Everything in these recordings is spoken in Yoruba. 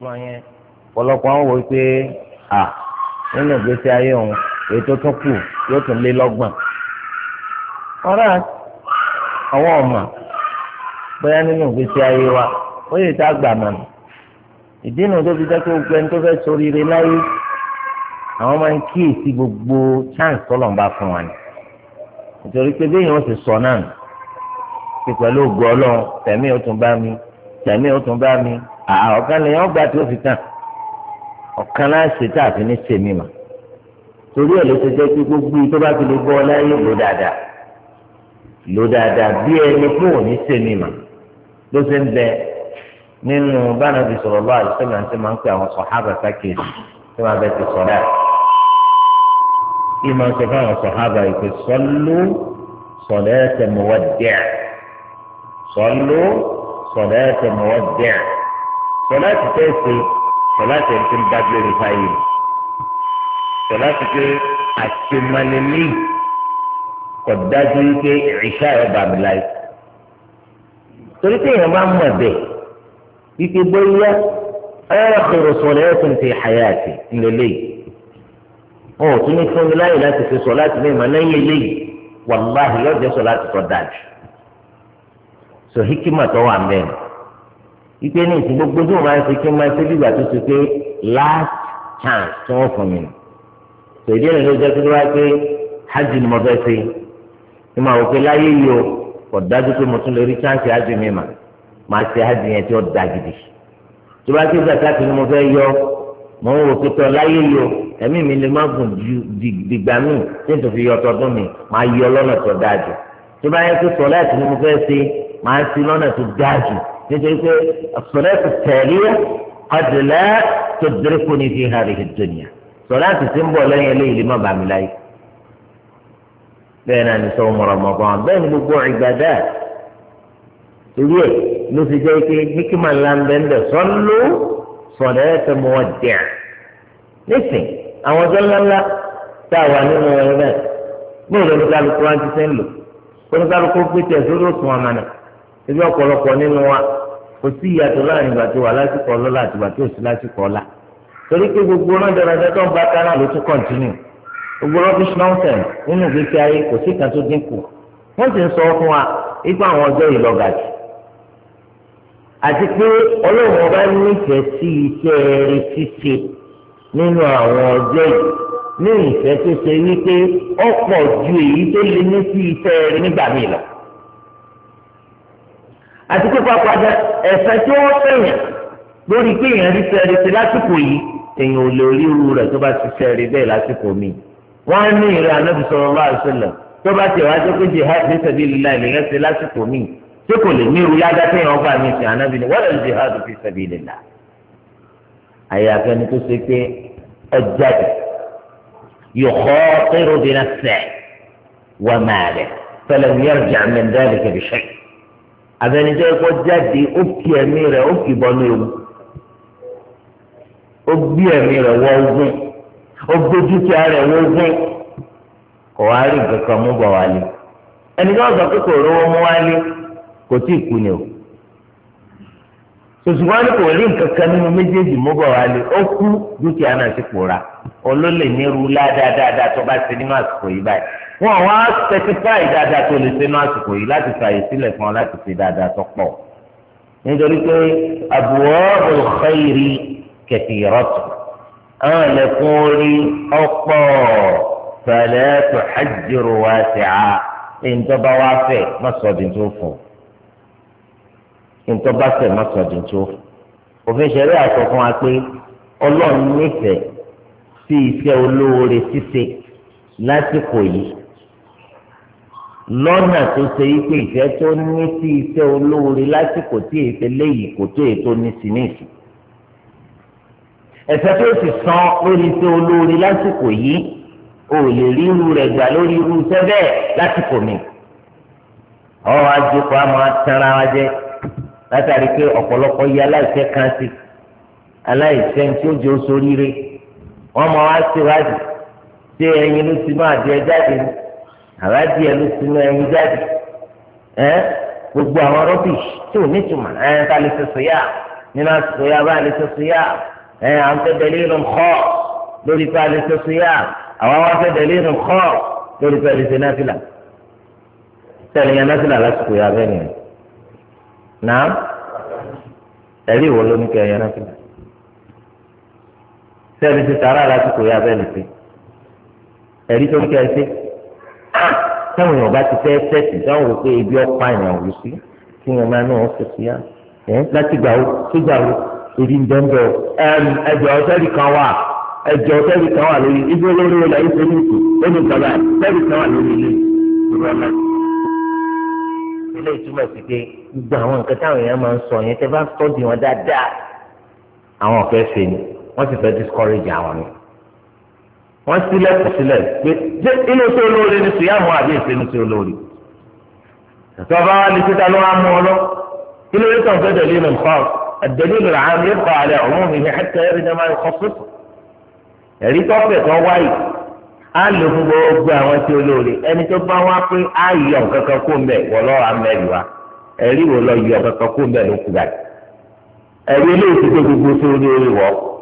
ọmọ yẹn ọ̀pọ̀lọpọ̀ àwọn wò pé à nínú ìgbésí ayé òun ètò tó kù yóò tún lé lọ́gbọ̀n. ọ̀rá àwọn ọ̀mà bóyá nínú ìgbésí ayé wa ó yẹ tá a gbà mọ̀nà ìdí nu tó fi jẹ́ pé gbogbo ẹni tó fẹ́ ṣoríire láyé àwọn máa ń kíyèsí gbogbo chance tó lọ́nba fún wa ni nítorí pé bẹ́ẹ̀ yẹn ó sì sọ náà pé pẹ̀lú ògbó ọlọ́run tẹ̀mí ó tún bá mi tẹ̀mí ó tún bá mi ọ̀kan lèyàn gbà tí ó fi tàn ọ̀kan náà ṣe tá àfi ní sèmi mà torí ẹ̀ ló ṣe jẹ́ pé gbogbo yìí tó bá fi lè bọ́ ọ láyé lò dáadáa lò dáadáa bí ẹni pé ò ní sèmi mà ló ṣe ń bẹ nínú báńà fi sọ̀rọ̀ lọ́wọ́ àti sẹ́mi àti máa ń pè àwọn sọ̀hábà sákèjì tó máa bẹ ti sọ̀dá kí máa ń sọ fáwọn sọ̀hábà ìpè sọ́lú sọ̀dẹ́ tẹ̀mọ́wọ́ sọ́lú sọ̀dẹ́ tẹ̀mọ́wọ́ sọláàtì tẹ́sí sọláàtì ẹni tí ń dájú ẹni fáyé sọláàtì pé àṣemanilé kò dájú wípé ìṣá ẹ̀ bà mí láì torí pé èèyàn bá mọ̀ bẹ́ẹ̀ wípé bóyá ẹ̀ẹ́dẹ̀rọ̀ sọ̀rọ̀ ẹ̀ tún ti hàyà àti ńlẹ̀lẹ̀ wọn ò tún ní fún mi láyè láti fi sọláàtì ní ìmọ̀ lẹ́yìn eléyìí wàláhì yóò jẹ́ sọláàtì tó dájú sọ hikima tó wà mẹ́rin ìpè ní ìsìn gbogbo tí mo máa ń ṣe kí n máa ṣe bí ìgbà tó ṣe pé last chance tí wọ́n fún mi nù tó ìdí ẹ̀rọ ló jẹ́ pé wáyé pé hajj ni mo fẹ́ ṣe ni màá wò pé láyé yìí o kò dájú pé mo tún lè rí chance hajj mi mà máa ṣe hajj yẹn tí ó da gidi tó bá ṣe zakat ni mo fẹ́ yọ mo ń wò pé tọ́ láyé yìí o ẹ̀mí mi lè má gùn ju dìgbà míì tí n tó fi yọ ọtọdún mi máa yọ lọ́nà tó dáa tó bá yẹ pé sọ̀lá ẹ̀sìn ni mo fẹ́ ṣe máa ṣe lọ́nà tó dáa تدرك الصلاة التالية قد لا تدركني في هذه الدنيا صلاة تنبو لي لي لما بعمل أي بين أن صوم رمضان بين وقوع عبادات تقول لو في جايك حكمة لان بين صلوا صلاة مودع نسي أو جل الله تاوى نمو ويبات مو لو قال القرآن تسلو كنت قال القرآن تسلو سوى منا إذا قال القرآن نمو kò sí ìyàtọ̀ láàrin ìgbà tó wà lásìkò ọlọ́lá àti ìgbà tó sí lásìkò ọlá torí pé gbogbo náà dáradára tó ń bá kánà ló tún kọ̀ǹtínú gbogbo rubbish nonsense nínú ìgbésí ayé kò sí kan tó dínkù wọ́n sì ń sọ fún wa ipá àwọn ọjọ́ yìí lọ gàjù àti pé ọlọ́run ọba nífẹ̀ẹ́ sí iṣẹ́ rere ṣíṣe nínú àwọn ọjọ́ yìí ní ìfẹ́ tó ṣe wípé ọ̀pọ̀ ju èyí tó lé ní sí iṣẹ́ rere nígbà míì lọ. àti pípa padà ẹ̀sẹ̀ tí wọ́n fẹ̀yàn lórí pé èèyàn rí sẹ́ẹ̀rì sí lásìkò yìí èèyàn ò lè rí irú rẹ̀ tó bá ti sẹ́ẹ̀rì bẹ́ẹ̀ lásìkò mi. wọ́n ní ìrẹ́ anábì sallallahu alaihi wasallam tó bá ti wá si pé jihad ní sebi èèyàn sí lásìkò mi tí kò lè ní irú ládá tí èèyàn bá mi sí anábì ni won le wala jihad fi sabilillah. àyàfẹ́ ni tó ṣe pé ọjà yukhatiru bi nafsihi wa malihi falam yarji' min dhalika bi shay' àtẹnidẹ́ ẹ̀kọ́ jáde ó kì ẹ̀mí rẹ̀ ó kì bọ́nú ewu ó gbé ẹ̀mí rẹ̀ wọ ogun ó gbé dúkìá rẹ̀ wọ ogun kò wá rí nǹkan mú bọ̀ wálé ẹni tí wọ́n sọ pé kò rówó mú wálé o tòṣùwọ́n ní kò rí nǹkan kan nínú méjèèjì mú bọ̀ wálé ó kú dúkìá náà ti pòórá olólè ní tó bá wọn wá sẹtifáì dáadáa tó lè sẹnu àsìkò yìí láti fààyè sílẹ̀ fún ọ láti ṣe dáadáa tó pọ̀ nítorí pé abwaabul khayri kathiratu àwọn ẹlẹ́kùn orí ọ̀pọ̀ fala tuhajjir wasi'a ìjọba wa fẹ́ mọ́sọ̀dì tó fún ìjọba fẹ́ mọ́sọ̀dì tó òfin ṣẹlẹ̀ àsọ fún wa pé Ọlọ́run nífẹ̀ẹ́ sí iṣẹ́ olóore ṣíṣe lásìkò yìí lọ́nà tó ṣe yí pé ìfẹ́ tó ní sí iṣẹ́ olóore lásìkò tí èsè léyìí kò tó ètò ní sí ní ìsìn ẹ̀sẹ̀ tó sì san lórí iṣẹ́ olóore lásìkò yìí o lè rí irú rẹ̀ gbà lórí irú iṣẹ́ bẹ́ẹ̀ lásìkò mi ọ̀rọ̀ àjòkò àmọ́ tanra wa jẹ́ látàrí pé ọ̀pọ̀lọpọ̀ yẹ aláìṣẹ̀ kan sí aláìṣẹ̀ tí ó jẹ́ oṣooríire wọ́n mọ wá síwájú ṣé ẹyin ló ti máa di jáde ní àràdì ẹ ló sinú ẹyin jáde ẹ gbogbo àwọn rubbish tí ò ní tuma ẹ ká lè ṣe sòyà nínú àsòyà bá lè ṣe sòyà ẹ à ń fẹ́ dẹ̀lẹ́ irun kọ́ lórí ká lè ṣe sòyà àwọn wá fẹ́ dẹ̀lẹ́ irun kọ́ lórí ká lè ṣe náfìlà sẹ́ni yẹn náfìlà lásìkò yà bẹ́ẹ̀ nìyẹn náà ẹ̀rí ìwọ ló ní kẹ́ yẹn náfìlà sẹ́ni ti tààrà lásìkò yà bẹ́ẹ̀ nìyẹn ẹ̀rí tó ní kẹ́ ẹ táwọn èèyàn bá ti fẹ́ tẹ̀sí táwọn rò pé ibi ọ̀pá èèyàn rò sí kí wọ́n máa náà ṣe sí yá ẹ̀ láti gbà ó sígbà ó ebi ń dẹ́ńdọ̀ ẹ̀jọ̀ ọ̀tẹ́lì kan wà ẹ̀jọ̀ ọ̀tẹ́lì kan wà lórí ibi olórí ọ̀la ìfẹ́ ní ìkù ó ní ìjọba ọ̀tẹ́lì kan wà lórí ilé ìrọ̀lá. ilé ìtumọ̀ sí pé gbogbo àwọn nǹkan táwọn èèyàn máa ń sọ yẹn tẹ́ bá tọ́jú wọn dáadáa àwọn ọ̀fẹ́ fèé ni wọ́n sì fẹ́ discourage àwọn ni wọ́n sílẹ̀ kù sílẹ̀ pé inú sí olóore ni sùyàmù àbí ìsinmi sí olóore. ìtọ́ba wa ni títa ló wá mú ọ lọ kí ló yẹ kàn fẹ́ dẹ̀lí ìlú nǹkan àdẹ̀lí ìlú rà án yóò kọ́ àlẹ́ ọ̀hún mi ní ẹ̀ka ẹ̀rí ní máa kọ́ fún. ẹ̀rí tọ́pẹ̀ tó wáyé á lò fún gbogbo àwọn tí olóore ẹni tó bá wá pé á yọ kankan kó mbẹ wọlọ́ amẹ́rì wa ẹ̀rí wò lọ yọ kankan kó mbẹ ló kú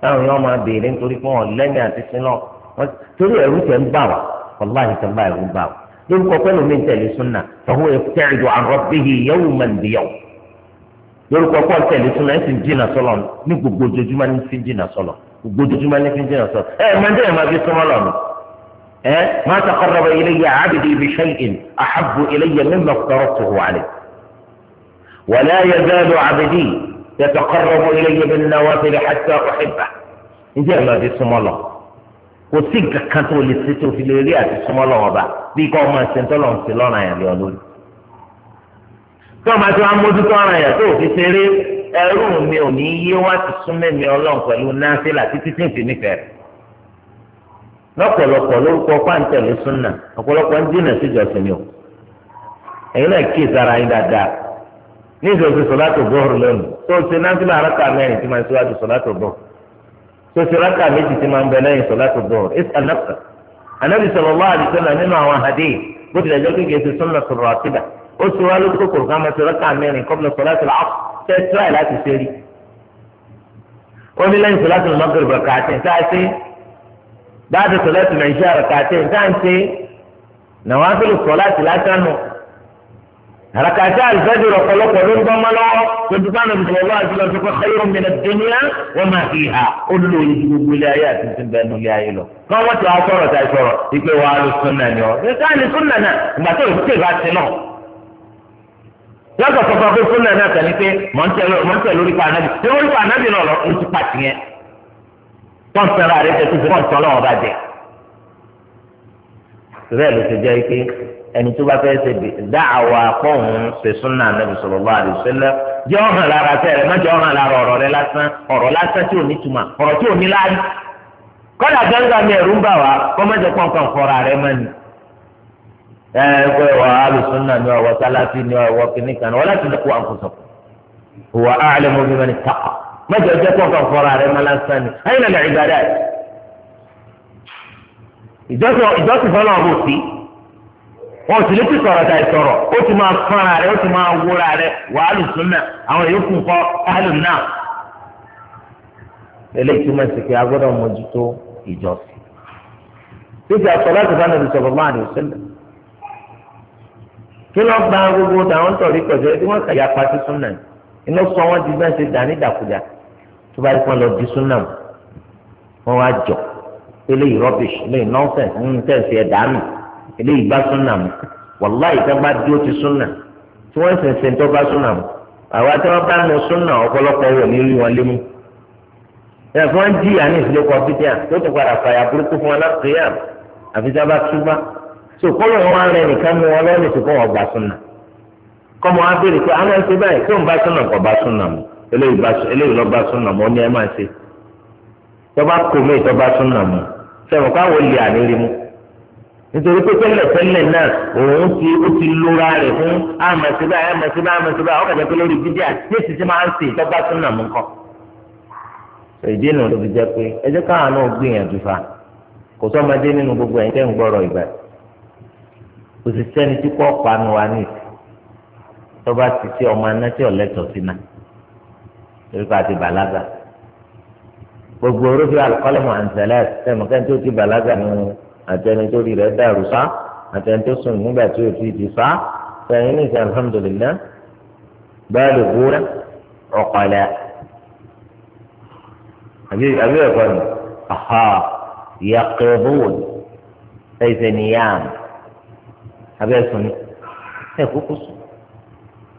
táwọn yóò máa béèrè nítorí pé wọn lẹ́yìn àti sinọ́ torí ẹ̀rú tẹ̀ ń bà wá wàláhì tẹ̀ ń bà ẹ̀rú bà wá lórúkọ pẹ́lú mi tẹ̀lé súnà tọ́wọ́ ẹ̀fẹ́rìdò àrọ́bíhì yẹ́wù mẹ́ndìyàwó lórúkọ pọ́ọ̀lù tẹ̀lé súnà ẹ̀sìn jìnnà sọ́lọ̀ ní gbogbo ojoojúmọ́ ní fi jìnnà sọ́lọ̀ gbogbo ojoojúmọ́ ní fi jìnnà sọ́lọ̀ ẹ̀ mẹ́ndìyàwó máa fi súnmọ́ lọ́nà يتقرب إلي بالنوافل حتى أحبه ǹjẹ́ ẹ̀ máa fi súnmọ́ lọ kò sí nǹkan kan tó lè ṣe tó fi lè rí àti súnmọ́ lọ ọba n ní ìṣòro sọláàtò bọ́ọ̀rù lónìí tó o ṣe náfìlà àràkà mẹ́rin tí máa ń ṣíwájú sọláàtò bọ́ọ̀rù tó o ṣe àràkà méjì tí máa ń bẹ lẹ́yìn sọláàtò bọ́ọ̀rù ẹ̀sì ànáfà ànábì sọ̀rọ̀ wá àdìsọ́nà nínú àwọn àhàdé bó tilẹ̀ jẹ́ kékeré ṣe sọ́nà sọ̀rọ̀ àtìdá ó ṣe wá lójú kòkòrò ká máa ṣe àràkà mẹ́rin kọ́bùnà sọláàtò tẹ́tíráì láti ṣe rí ó ní àràkàtà àlùfẹ́dùrù ọ̀pọ̀lọpọ̀ ló ń bọ́ mọ́ lọ́wọ́ tuntun bá nàbì sọ̀rọ̀ láti lọ sí pé xeyírùn mi nà dúnìá wọ́n máa fi hà ó lò yí gbogbo ilé ayé àti ti bẹ́ẹ̀ nílé ayé lọ. kọ́ wọ́n ti wá sọ̀rọ̀ tá a sọ̀rọ̀ ìpè wà á lù súnà ni ọ́ ṣé sáà ní súnà náà ìgbà tó ìfúkè bá ti náà. lọ́sọ̀ sọ̀rọ̀ pé súnà náà tẹ̀lé pé mọ̀ntẹ̀ lórí pa ànábì ṣé lórí pa ànábì náà lọ ń ti pàtì yẹn. tọ́ǹtẹ̀rẹ̀ àrẹ ẹni tó bá fẹ́ ṣe dá àwa ṣe súnà nàbì sallallahu alaihi wasallam jẹ́ ọ̀hàn lára tẹ́ rẹ mọ́jọ́ ọ̀hàn lára ọ̀rọ̀ rẹ lásán ọ̀rọ̀ lásán tí ò ní tuma ọ̀rọ̀ tí ò ní láàyè kọ́dà gángan mi ẹ̀rú ń bà wá ni wọn ò sì lè ti sọ̀rọ̀ ta ìsọ̀rọ̀ ó ti máa fọ́nra rẹ̀ ó ti máa wúra rẹ̀ wàhálù súnmẹ̀ àwọn yòókù kọ́ káàlù náà. eléyìí túmọ̀ sí pé a gbọ́dọ̀ mójútó ìjọsìn. títí àtọ̀ láti bá nàbì sọ̀rọ̀ máa rè sílẹ̀. kí ló gba gbogbo àwọn tọ̀rí pẹ̀lú ẹbí wọn kàyà pàṣẹ súnmẹ̀ iná sọ wọn di bẹ́ẹ̀ ṣe dà ní tó bá yípa lọ di súnmẹ̀ wọn wá eléyìí bá súnà mu wàláyé tó bá dúró ti súnà tí wọ́n sì ń sèǹtọ́ bá súnà mu àwa tí wọ́n bá mú súnà ọ̀pọ̀lọpọ̀ wò ní wọn lé mú. ẹ̀fọ́ ń jìyà ní ìdílé tó padà fàyà burúkú fún wọn láti yà àfi tí wọ́n bá túbá tó kọ́lọ̀ wọn rẹ nìkan mú wọn lọ́nà wọn gbà súnà kọ́ mọ́ abéèrè pé àwọn báyìí tó ń bá súnà kọ́ bá súnà mu eléyìí lọ́ bá súnà mu nítorí pé tẹ́lẹ̀ tẹ́lẹ̀ náà òun ti ó ti lóra rẹ̀ fún àmọ̀síbá àmọ̀síbá àmọ̀síbá ọkọ̀ a pé lórí bídíà tí èsì ti máa ń sè tọ́gbà tún nà mú kọ́. ìdí nù ló fi jẹ́ pé ẹ káwọn náà gbìyànjú fa kò nínú gbogbo ẹ̀yin tẹ́ gbọ́rọ̀ ìgbà kò sì sẹ́ni tí kò panu wa ní ìsìn tọ́ba ti tí ọmọ aná tí ọ̀lẹ́tọ̀ sí náà àtẹni tó rí rẹ̀ dàrú sá àtẹni tó sùn nígbà tí ò tíì ti sá sẹ́yìn ní ìsìn alhamdulilayi bẹ́ẹ̀ lè gbóra ọ̀pọ̀lẹ́ àbí àbí ẹ̀kọ́ ni aha yaqubun ẹ̀sẹ̀ niyam àbí ẹ̀sùn ni ẹ̀ kúkú sùn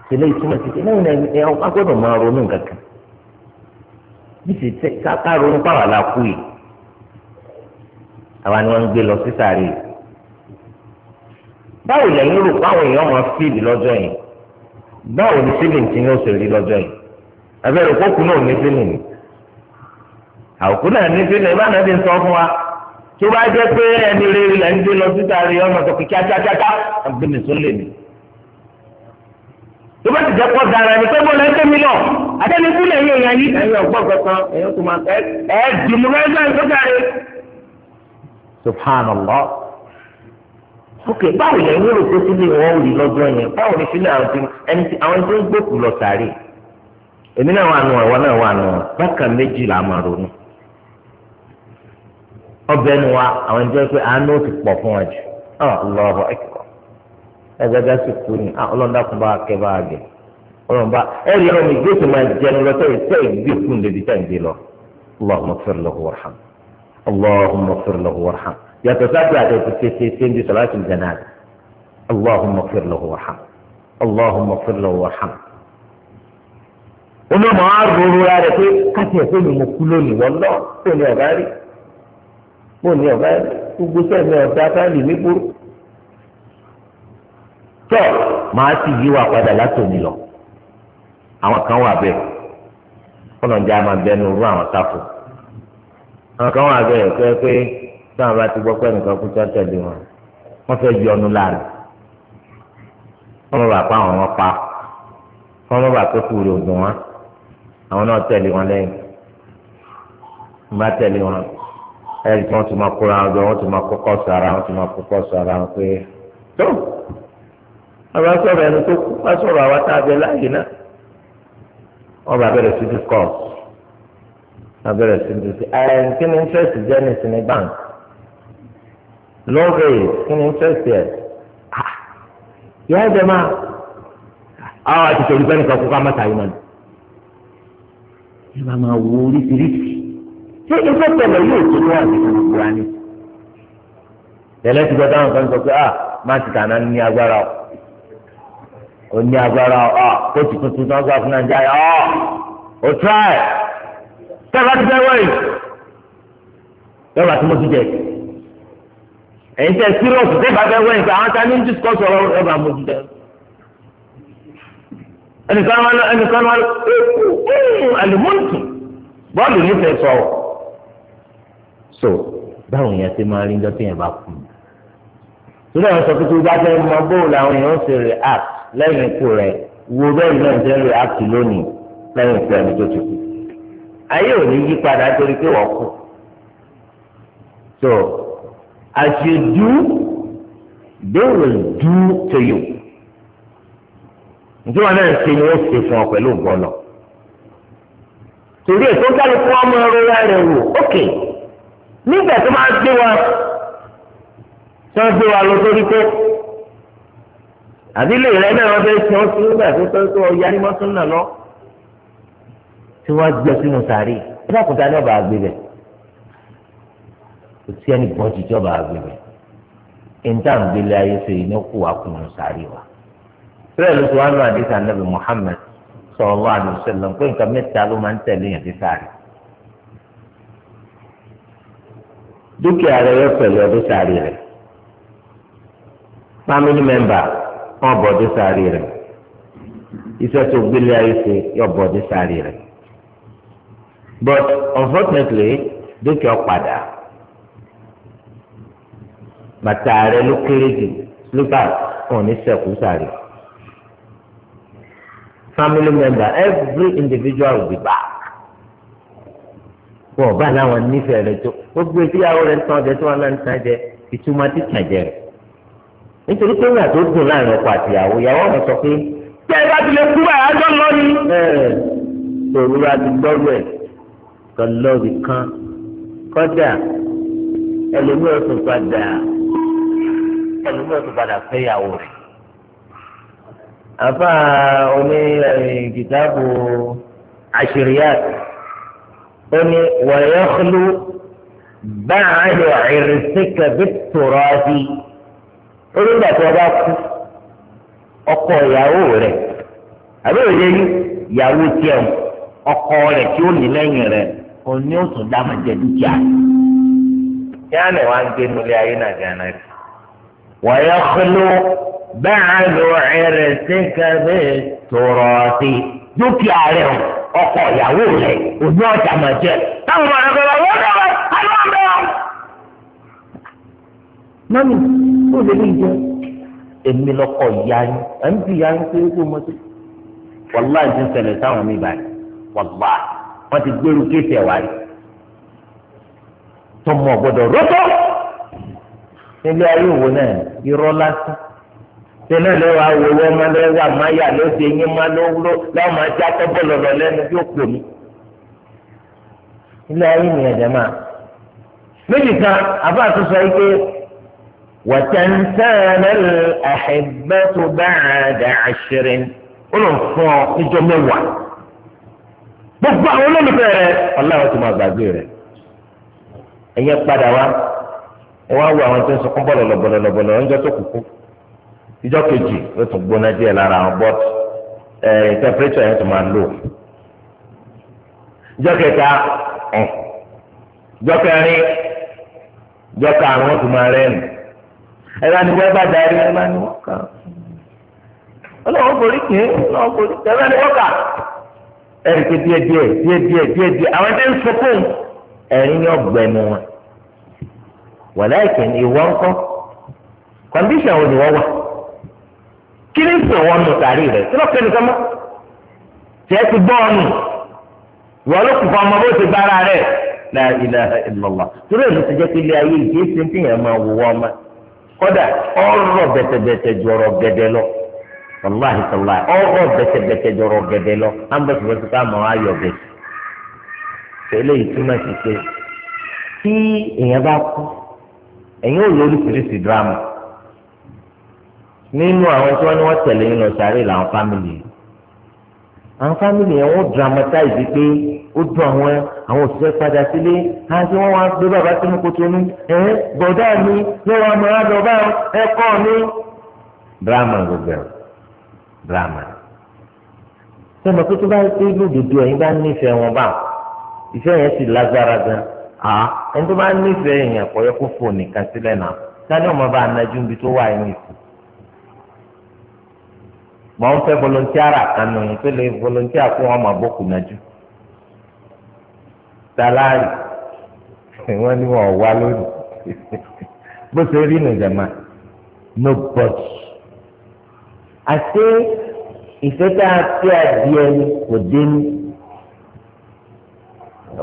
tẹ́lẹ̀ ìtumọ̀ sí lẹ́yìn náà ẹ agbọ́dọ̀ máa ronú nǹkan kan bí ti tẹ ká ronú pàrọ̀ àlàkù yìí àwa ni wọ́n ń gbé lọ sí sàárè báwo lẹ́yìn rò báwọn èèyàn máa fíìlì lọ́jọ́ yìí báwo ni sílìn tí yóò ṣe rí lọ́jọ́ yìí abẹ́rẹ́ òkú náà ní sílìn ni àwòkú náà ní sílìn bá náà ti sọ fún wa tó bá jẹ́ pé ẹni rere lẹ́ ń gbé lọ sí sàárè ọmọ tó kí kíákíákíá ọgbẹ́ni tó lè mí tó bá ti jẹ́ pọ̀ dára ẹni pé mo lẹ́ gbé mi lọ àtẹ́ni sílẹ̀ yóò yan yí ẹ̀yin ọ̀gbọ́n kankan ẹ̀yin tó máa ẹ̀ ẹ̀ dìmú lọ́jọ́ ìgbésàrè subhanallah ok báwo lẹ́yìn wúlò tó sílé wọn ò rí lọ́jọ́ yẹn báwo ni sílé àwọn tí ẹni tí àwọn lọ sáré èmi náà wà nù náà wà nù bákan méjì là máa ronú wa àwọn àánú ti pọ̀ fún wa jù ọlọ́rọ̀ ẹ̀kọ́ ẹgbẹ́gbẹ́ sì kú ni ah, ọlọ́dàkùn bá kẹ́ bá gẹ̀ ọlọ́mọba ọmọ ìgbésùn máa jẹun lọ gbé débi اللهم ighfir له warham يا sáàtì àti ètùtù ṣe ń di اللهم jẹnáàlì له ighfir اللهم warham له ighfir lahu warham. olú ọmọ wa rúru ra rẹ pé káti ẹ̀ pé mi mo kú lónìí wọ́n lọ tó ní ọ̀gá rí mo ní ọ̀gá rí gbogbo sẹ́ẹ̀mí ọ̀gá káàlì mi burú. tọ́ màá sì yí wa padà látòmí lọ àwọn kan wà bẹ́ẹ̀ kọ́nà jẹ́ àmàbẹ́nu rú àwọn sáfù àwọn kan wà bẹ́ẹ̀ pé pé táwọn bá ti gbọ́ pé nìkan kú tó tẹ̀lé wọn wọ́n fẹ́ yọ ọ́nú láàrin wọ́n mọ̀ bá pa àwọn wọn pa wọ́n mọ̀ bá pé kúrò òdùn wọn àwọn náà tẹ̀lé wọn lẹ́yìn wọ́n bá tẹ̀lé wọn ẹ̀rí tí wọ́n ti máa kóra wọn jọ wọ́n ti máa kọ́kọ́ sọ ara wọn ti máa kọ́kọ́ sọ ara wọn pé tó àwọn sọ̀rọ̀ ẹni tó kú wá sọ̀rọ̀ àwa tá a bẹ láàyè náà wọ́n bá bẹ̀rẹ̀ sí discourse abẹ́rẹ́ sí ní ti ẹ̀ kí ni interest jẹ́ ní bank lórí kí ni interest yẹ yẹ ẹ jẹ máa àwọn àti torí pé nìkan kó ká má tàyè mọ́ni ẹ bá máa wo oríṣiríṣi ṣé iṣẹ́ tẹ̀lé yóò tó lọ́wọ́ àti kan gbogbo ani tẹ̀lé gbọ́dọ̀ àwọn kan sọ pé ah máa ti tàná ní agbára o ò ní agbára o ah kóòtù tuntun tó ń gbà fún nàìjíríà ah, o ò try tẹ́lá ti fẹ́ wẹ̀yìn lọ́wọ́ àti mọ́tò jẹ́ ẹ̀yin tẹ́ sírọ́ọ̀sì tẹ́ bá fẹ́ wẹ̀yìn pé àwọn ta ní ń discuss ọ̀rọ̀ ẹ̀bà mọ́tò jẹ́ ẹnìkan wọn ẹnìkan wọn mm, àlùmọ́ǹtì bọ́ọ̀lù nífẹ̀ẹ́ sọ so báwọn yẹn ti máa rí ńjọ́ tí yẹn bá kú torí àwọn sọ pé tó bá fẹ́ mọ bóòlù àwọn èèyàn ṣe react lẹ́yìn ikú rẹ̀ wo bẹ́ẹ̀ náà ṣe react lónìí lẹ́yìn ikú ẹni tó ti kú ayé ò ní yí padà torí pé wọ́n kù so as you do they will do to you ǹjẹ́ wọn náà ṣe ni wọ́n ṣe fún ọ pẹ̀lú bọ́ọ̀lù torí ètò kálukú ọmọ ẹrọra rẹ wò ókè nígbà tó máa gbé wa tó gbé wa lọ sórí pé àbí lè rẹ náà wọ́n fẹ́ ṣe sí nígbà tó tọ́ tó ọ yarí mọ́tò náà lọ tí wọ́n gbé sínú sàárè ìdákùtà ní ọba àgbébẹ̀ kò sí ẹni bọ́ọ̀tì tí ọba àgbébẹ̀ ìntàǹgbélé ayé ṣe ní kú àkùnrin sàárè wa. bẹ́ẹ̀ ló ti wá nù àdìsá nàbì Muhammad sallallahu alaihi wasallam pé nǹkan mẹ́ta ló máa ń tẹ̀lé yàn dé sàárè. dúkìá rẹ yọ pẹ̀lú ọdún sàárè rẹ family member wọn bọ̀ ọdún sàárè rẹ iṣẹ́ tó gbélé ayé ṣe yọ bọ̀ ọdún sàárè rẹ but unfortunately dúkìá padà bàtà rẹ ló kéré jù slippers wọn ní sẹkù sáré family member every individual will be back wọn ò bá láwọn nífẹ̀ẹ́ rẹ tó gbogbo ìdíyàwó rẹ ń tán jẹ tí wọn náà ń tán jẹ ìtumọ̀ títàn jẹ rẹ nítorí pé ìgbà tó dùn láàrin ọkọ àtìyàwó ìyàwó rẹ sọ pé tẹ ẹ bá ti lè kú báyà lọ ni. ẹ ẹ tòun bá ti gbọ́ tọ́lọ́ọ̀bì kan kọ́dà ẹlòmíràn tó padà ẹlòmíràn tó padà fẹ́yàwó rẹ̀ àfa oní eh, kìtàbù àṣìríyàt ó ní wàyẹ́kúlú báàlù ìrìnsíkà bí tòrọ́ọ̀dì onígbà tí wọ́n bá kú ọkọ ìyàwó rẹ̀ àbí òye yìí tiẹ̀ ọkọ rẹ̀ tí ó ní lẹ́yìn rẹ̀ òní ó tún dá màjẹ dúkìá kí á lè wá ń gbé nulẹ̀ ayé náà gánà rí. wàyà kúló bẹ́ẹ̀ ló ẹ̀rẹ̀ sí kẹ́rẹ́ tòrọ̀ sí dúkìá rẹ̀ ọkọ̀ ìyàwó rẹ̀ òní ọjà màjẹ. táwọn ọmọ rẹ̀ kọ́ra wọ́n dọ̀ àlọ́ bẹ́ẹ̀. mami kó lè ní ìjọ èmi lọkọ ìyá yín ẹ̀ ń ìyá yín pé ó kó mọ́tò wàláì ti ṣẹlẹ̀ sáwọn mi báyìí wàláì wọ́n ti gbèrú kéèsì ẹ̀ wáyé tọmọ gbọ́dọ̀ rọtọ nílé ayé òwò náà irọ́ lásán tẹ́lẹ̀ lọ wà wò wọ ọmọ lọ wà má yà ló ṣe yín má ló láwọn máa já tọpọ lọlọ lẹ́nu yóò pò mí ilé ayé ni ẹ̀jẹ̀ máa méjì kan àbá àtúnṣe yìí pé wàtẹ́ńtẹ́rẹ́ àhẹ́gbẹ́tò bá àdà àṣírin ó lọ fún ọ níjọ́ mẹ́wàá. gbogbo àwọn olólùfẹ́ rẹ ọlọ́run ti máa gbàgbé rẹ ẹ̀yẹ padà wá ẹ wá wo àwọn tó ń sọkún bọ́lọ̀ lọ́bọ̀lọ̀ lọ́bọ̀lọ̀ ọ̀njọ́ tó kúkú ìjọ kejì ó tún gbóná díẹ̀ lára àwọn bọ́ọ̀tù ẹ̀ tẹ́pẹ́rẹ́tọ̀ yẹn tó máa lò ìjọ kẹta ọ̀ ìjọ kẹrin ìjọ karùn-ún tó máa rẹ́nu ẹ̀ bá ní wọ́n bá darí ẹ̀ bá ní wọ́n kà ẹ̀rí pé díẹ̀ díẹ̀ díẹ̀ díẹ̀ díẹ̀ díẹ̀ àwọn ẹni tó ń sọkún ẹ̀rín yóò gbẹnu wọn. wàláìkìn ìwọ ńkọ́ kọ́ndíṣàn wo ni wọ́n wà kí ni sọ wọn nù sàárì rẹ̀ tí wọ́n kẹ́ni sọ́mọ́ tí ẹ ti gbọ́ ọ nù wọ́n ló kù ọmọ bó ti bára rẹ̀ la ilaha illallah torí èlò ti jẹ́ pé ilé ayé ìgbésẹ̀ ń tìyàn máa wò wọ́n mọ́ kódà ọ̀rọ̀ bẹ̀tẹ̀bẹ̀tẹ̀ ju ọ̀rọ̀ lọ wàláhi sàláhi ọ̀rọ̀ bẹ́tẹ̀bẹ́tẹ̀ jọrọ gẹ̀dẹ̀ lọ ambẹ̀sibẹ̀sì ká mọ̀ ayọ̀ bẹ̀ tẹ́lẹ̀ ìtumọ̀ sí pé tí èèyàn bá kú èèyàn ò lórí fèrèsì dírámù nínú àwọn tí wọ́n ní wọ́n tẹ̀lé yín lọ sáré làwọn fámìlì yìí àwọn fámìlì yẹn wọ́n dramatize pé ó dún àwọn àwọn òṣìṣẹ́ padà sílé àti wọ́n wá gbé bàbá sínú kòtò ní ẹ bọ̀dá mi lọ́wọ́ àmọ́ àdọ̀bá ẹ kọ́ mi. dírámù gbogbo ẹ̀ drama ṣé mo tuntun báyìí pé lódodo ẹ̀yin bá nífẹ̀ẹ́ wọn bá ìfẹ́ yẹn sì lágbára gan à ẹni tó bá nífẹ̀ẹ́ èèyàn kò yẹ kó fò nìkan sílẹ̀ náà sani ọmọ bá anájú níbi tó wà ẹni mọ ń fẹ́ volontiara kanu yìí tó lè volontia àti ìfẹ́ tá a fẹ́ adìẹ ni kò dé ní.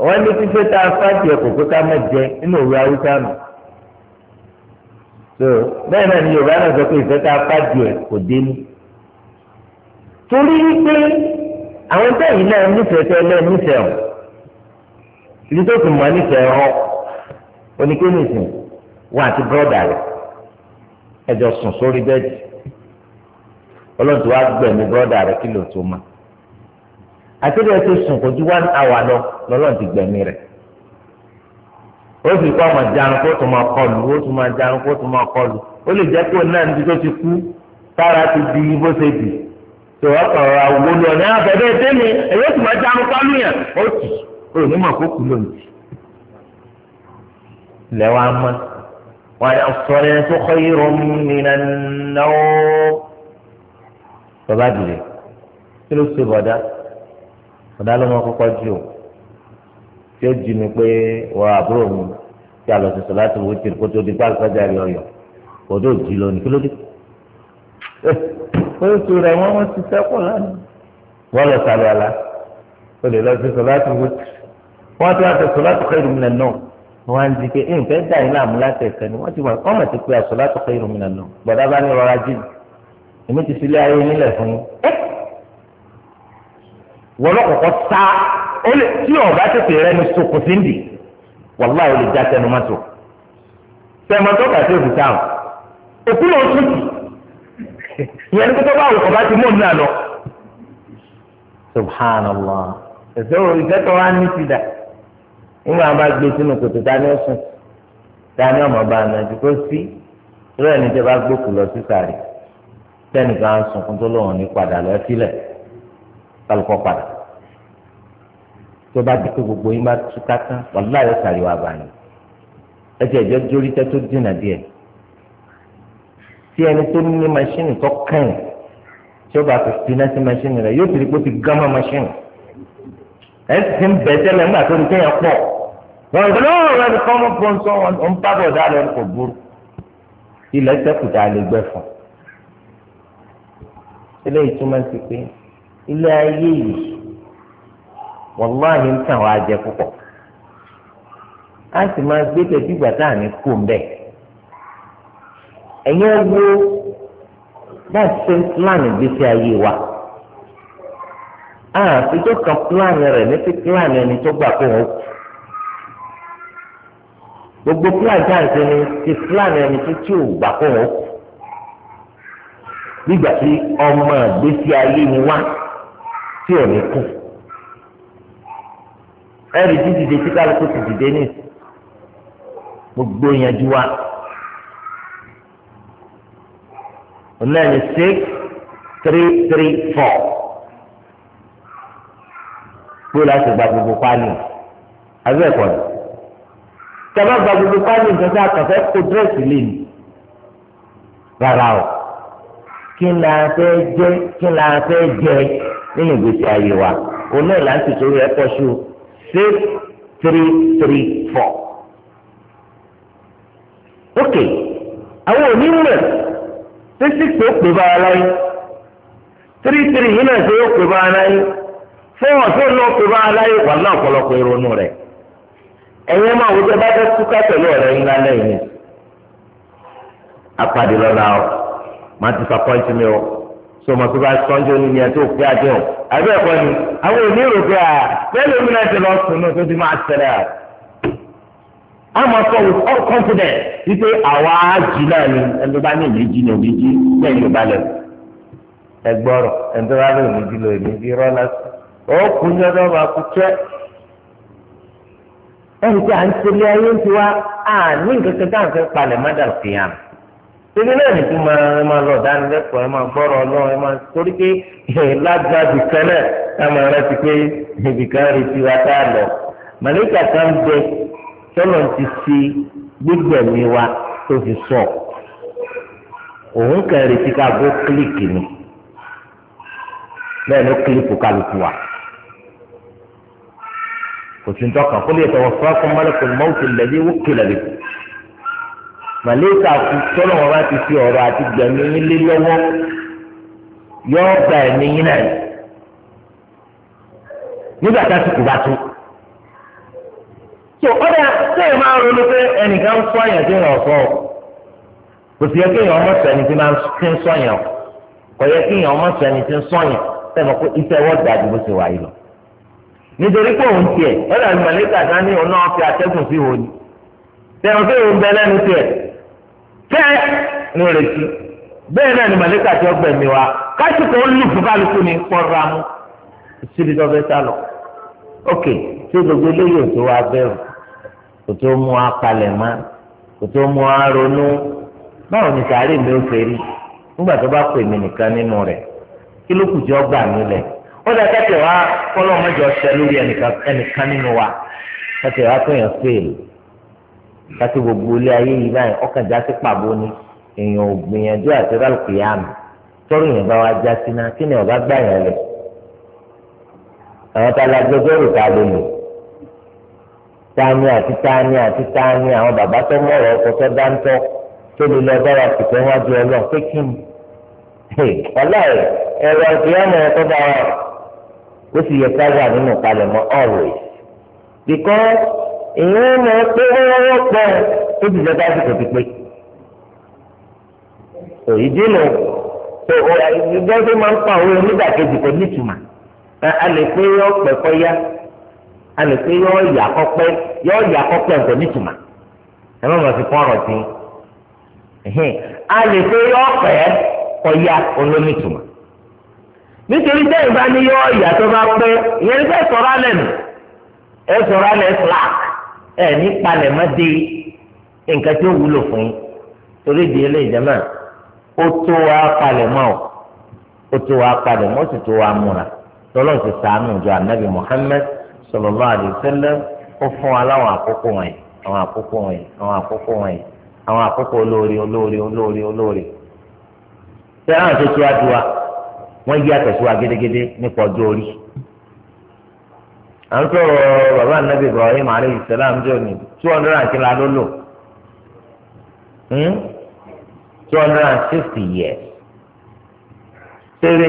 wọ́n ní fífẹ́ tá a fẹ́ adìẹ kò pé ká má jẹ nínú òwe haúsá nù. so bẹ́ẹ̀ náà ni yorùbá náà sọ pé ìfẹ́ tá a fẹ́ adìẹ kò dé ní. torí wípé àwọn tẹ̀yìn náà nífẹ̀ẹ́ tẹ́ lẹ́ẹ̀ nífẹ̀ẹ́ o ibi tó fi mọ̀ nífẹ̀ẹ́ họ oníkéènìsìn wọn àti bọ́ọ̀dà rẹ̀ ẹ̀jọ̀ sùn sórí bẹ́ẹ̀dì ọlọ́run tó wá gbẹ̀mí bọ́dà rẹ kí ló tó ma àtẹ̀lẹ́ ẹ tó sùn kò ju one hour lọ lọ́lọ́run ti gbẹ̀mí rẹ̀ ó sì kọ́ ọmọ jarun kó tó máa kọlù ó tó máa jarun kó tó máa kọlù ó lè jẹ́ kó náà níbi tó ti kú tára ti di bó ṣe dì tó ọkọ̀ àwọn olùọ̀nà àfẹ́fẹ́ tẹ́lẹ̀ ẹ̀yọ́ tó máa jarun kọlù yẹn ó tì ó ní mọ̀ kó kú lónìí lẹ́wọ̀n á mọ́ wọn àfọ̀rẹ́ tó bàbá dìde kí ló ṣe bọ̀dá bọ̀dá ló mọ kọ́kọ́ jù ó tí ó jí mi pé wọ́n àbúrò mi tí a lọ sọ̀tọ̀ láti wò tìrì kó tó di pálí sọ́jà rí ọyọ̀ kò tó jí lónìí kí ló dé eh, oṣù rẹ̀ wọ́n wọ́n ti sẹ́kù lánàá wọ́n lọ sàlẹ̀ àlá ó lè lọ sọ̀tọ̀ láti wò tìrì wọ́n ti wá sọ̀tọ̀ láti kọ́ ìlú náà wọ́n á di pé nǹkan dà yín láàmú láti ẹ̀kẹ́ ni wọ́n ti wọ́n ti pé àsọ̀tọ̀ láti kọ́ ìlú náà bọ̀dá bá ní rọra jí èmi ti fi lé ayé nílẹ̀ fún yín wọ́n lọ́kọ̀ọ́kọ́ sá tí ọ̀gá tètè rẹ ní sokùn sí ndì wàlúwà ó lè já sẹ́nu mọ́tò sẹ́mọ́tò kàtí òkúta òkú ló ń sùn kì ìyẹn ní kótó bá òkò bá ti mú òun náà lọ subhanallah ẹsẹ wo ìfẹ́ tó ní ti dà nígbà wọn bá gbé sínú kòtò tá ọsùn tá ọmọ bá nàjú kó sí rẹ ní tẹ bá gbókù lọ sí sàrí tẹnìkan sunkún tó lóun ní padà lọ sílẹ̀ kálukọ́ padà tó bá dé pé gbogbo yín bá túká tán wàlúwà yóò sàrí wa bá yín ẹjẹ ìjọ dórí tẹ tó dínà díẹ̀ tí ẹni tó ní masínì tó kàn tí ó bá fi finá sí masínì rẹ yóò ti rí pé ó ti gán mọ́ masínì ẹ ti ń bẹ tẹ́lẹ̀ nígbà tó rí kéèyàn pọ̀ wọn ò lọ́wọ́ rẹ kọ́ mọ́ pọ́ńsọ́ wọn ò ń bá bọ̀ dáa kò burú ilẹ̀ tẹ́kùtà lè gbẹ fún un eléyìí túmọ̀ sí pé ilé ayé yìí wàláhì ń tàn wá jẹ púpọ̀ a sì máa gbé tẹ̀sí ìgbà tá à ní kó ń bẹ̀ ẹ̀yin wo bá a ṣe ń pílánì gbèsè ayé wa a àfijọ́ kan pílánì rẹ̀ ní ti pílánì ẹni tó gbà kó wọn kú gbogbo pílánì tá ni ti pílánì ẹni tó tí ò gbà kó wọn kú nígbà tí ọmọ ìgbésí ayé ni wá tí ò ní kú ẹ̀rí ti dìde tí kálukú ti dìde ní gbogbo ìyànjú wa ọ̀nà six three three four kó láti gba gbogbo pálí àbí ẹ̀kọ́ ni tẹ̀lé gba gbogbo pálí nǹkan tí a kàn kó dírẹ́sì lé ní rárá o kí la fẹ́ jẹ́ kí la fẹ́ jẹ́ nínú ìgbésí ayé wa òun náà láti sórí ẹ̀ pọ̀ sí o six three three four. ok àwọn onímọ̀ tí six ó pè bá wa three three yìí náà tí ó pè bá wa láyé fún ọ̀sẹ̀ náà pé bá aláyè wà náà ọ̀pọ̀lọpọ̀ ìrònú rẹ̀ ẹ̀yin máa wọ́n jẹ́ bá fẹ́ túká pẹ̀lú ọ̀rẹ́ ńlá lẹ́yìn apàdé lọ́la ọ̀ máa disappoint mi o so mo tó bá sọ́njú ní ni ẹ tó pé àjẹ́ o àbí ẹ̀kọ́ ni àwọn òní rò pé à ah, pẹ́lú mi náà ti lọ sùn náà tó ti máa tẹ̀lé à. a máa sọ with all confidence wípé àwa jì náà ni ẹni tó bá ní ìlú jí ni òbí jí lẹ́yìn ló bá lẹ̀ ẹ gbọ́rọ̀ ẹni tó bá ní òní jí lọ èmi bí rọ́lá sí ó ní ọdọ́ máa kú tẹ́ ẹni tí à ń tẹ̀lé ayé ń tiwa à nǹkan kan tá à ń fẹ́ palẹ̀ torí náà ní kí máa máa lọ dánilẹ́kọ̀ọ́ ẹ máa gbọ́rọ̀ ọlọ́run ẹ máa torí pé lágbá bìkan náà ká máa rántí pé bìkan retí wa tá a lọ màlẹ́kà ká ń bẹ tọ́lọ̀ ti fi gbígbẹ̀mí wa tó fi sọ òun kàn retí ká gbó kílíkì ni bẹ́ẹ̀ ló kílíkù kálukú wa kò sí ní tọkàn kó lè tọwọ́ fún akọ́mọ́lẹ́kùn mọ́tò lẹ́yìn wó kílẹ̀ màlẹ́kà kú tọ́lọ̀ wọn bá ti fi ọ̀rọ̀ àti gbẹ̀mí yín lé lọ́wọ́ yọ̀ọ́ gba ẹ̀mí yín náà nígbà tá a ti kù bá tó. tó ọ̀dà sẹ́yìn máa ń ronú pé ẹnìkan ń sọ àyàn tí ń rọ̀ sọ kò sí yẹ kí èèyàn ọmọ sọ ẹni tí máa ń sọ àyàn kò yẹ kí èèyàn ọmọ sọ tí ń sọ àyàn sẹ́yìn máa iṣẹ́ wọ́n dà ju bó ṣe wà yìí lọ. nítorí pé òun tiẹ̀ ọ̀dà màlẹ́kà dání òun náà fi atẹ́gùn sí òun. sẹ́yìn fẹ́ tẹ́ ń retí bẹ́ẹ̀ náà ni màlẹ́kà tí ó gbẹ̀mí wa kásìkò ó kálukú ni kọ́ra mú síbi tó fẹ́ sálọ. ok tí gbogbo eléyìí ò tó wa bẹ̀rù kò tó mú wa palẹ̀ mọ́ kò tó mú wa ronú báwo ni sàárè mi nínú rẹ̀ kí ló kù tí ó kátó gbogbo ilé ayé yìí báyìí ọkàn já sí pàbó ni èèyàn ò gbìyànjú àti rálùkì yá mi tọrọ yẹn bá wa já sí náà kí ni ọba gbà yẹn lẹ àwọn tá a la gbẹgbẹ rò tá a lè lò tani àti tani àti tani àwọn bàbá tó mọ̀rọ̀ ọkọ̀ tó dáńtọ́ tó lè lọ bá wa kìtẹ́ wájú ọlọ́ọ̀ pé kí ni ọlọ́ọ̀ ẹ̀rọ ìfìyàmọ̀ ẹ̀kọ́ bá wa ó sì yẹ ká nínú palẹ̀mọ́ always because. e lọ pé owó pẹ ó ti jẹba àsìkò ti pé òyìnbí nù ìgbẹ́ tó máa ń pa owó onídàkejì kò nítumà a lè pé yọ pẹ kọ ya a lè pé yọ yà yọ yà ẹ má mọ̀ sí kọ́rọ̀ tí a lè pé yọ ya nítorí bá ní yọ yà tó bá ìyẹn sọ̀rọ̀ alẹ́ nù ẹ sọ̀rọ̀ alẹ́ ẹ ní palẹ̀ má dé nǹkan tí ó wúlò fún yín torí di eléyìí jẹ́ náà ó tó wá palẹ̀ mọ́ ọ́ ó tó wá palẹ̀ mọ́ ó sì tó wá múra lọ́lọ́run ti sàánú ìjọ anabi Muhammad sallallahu alaihi wasallam ó fún wa láwọn àkókò wọ̀nyí àwọn àkókò wọ̀nyí àwọn àkókò wọ̀nyí àwọn àkókò olóore olóore olóore olóore tẹ àwọn tó wa wọ́n yí àtẹ̀síwá gédégédé nípa ọjọ́ orí à ń sọ̀rọ̀ bàbá anabi ibrahim aleyhi salam jọ ni two hundred and kila ló lò hmm? two hundred and sixty years ṣeré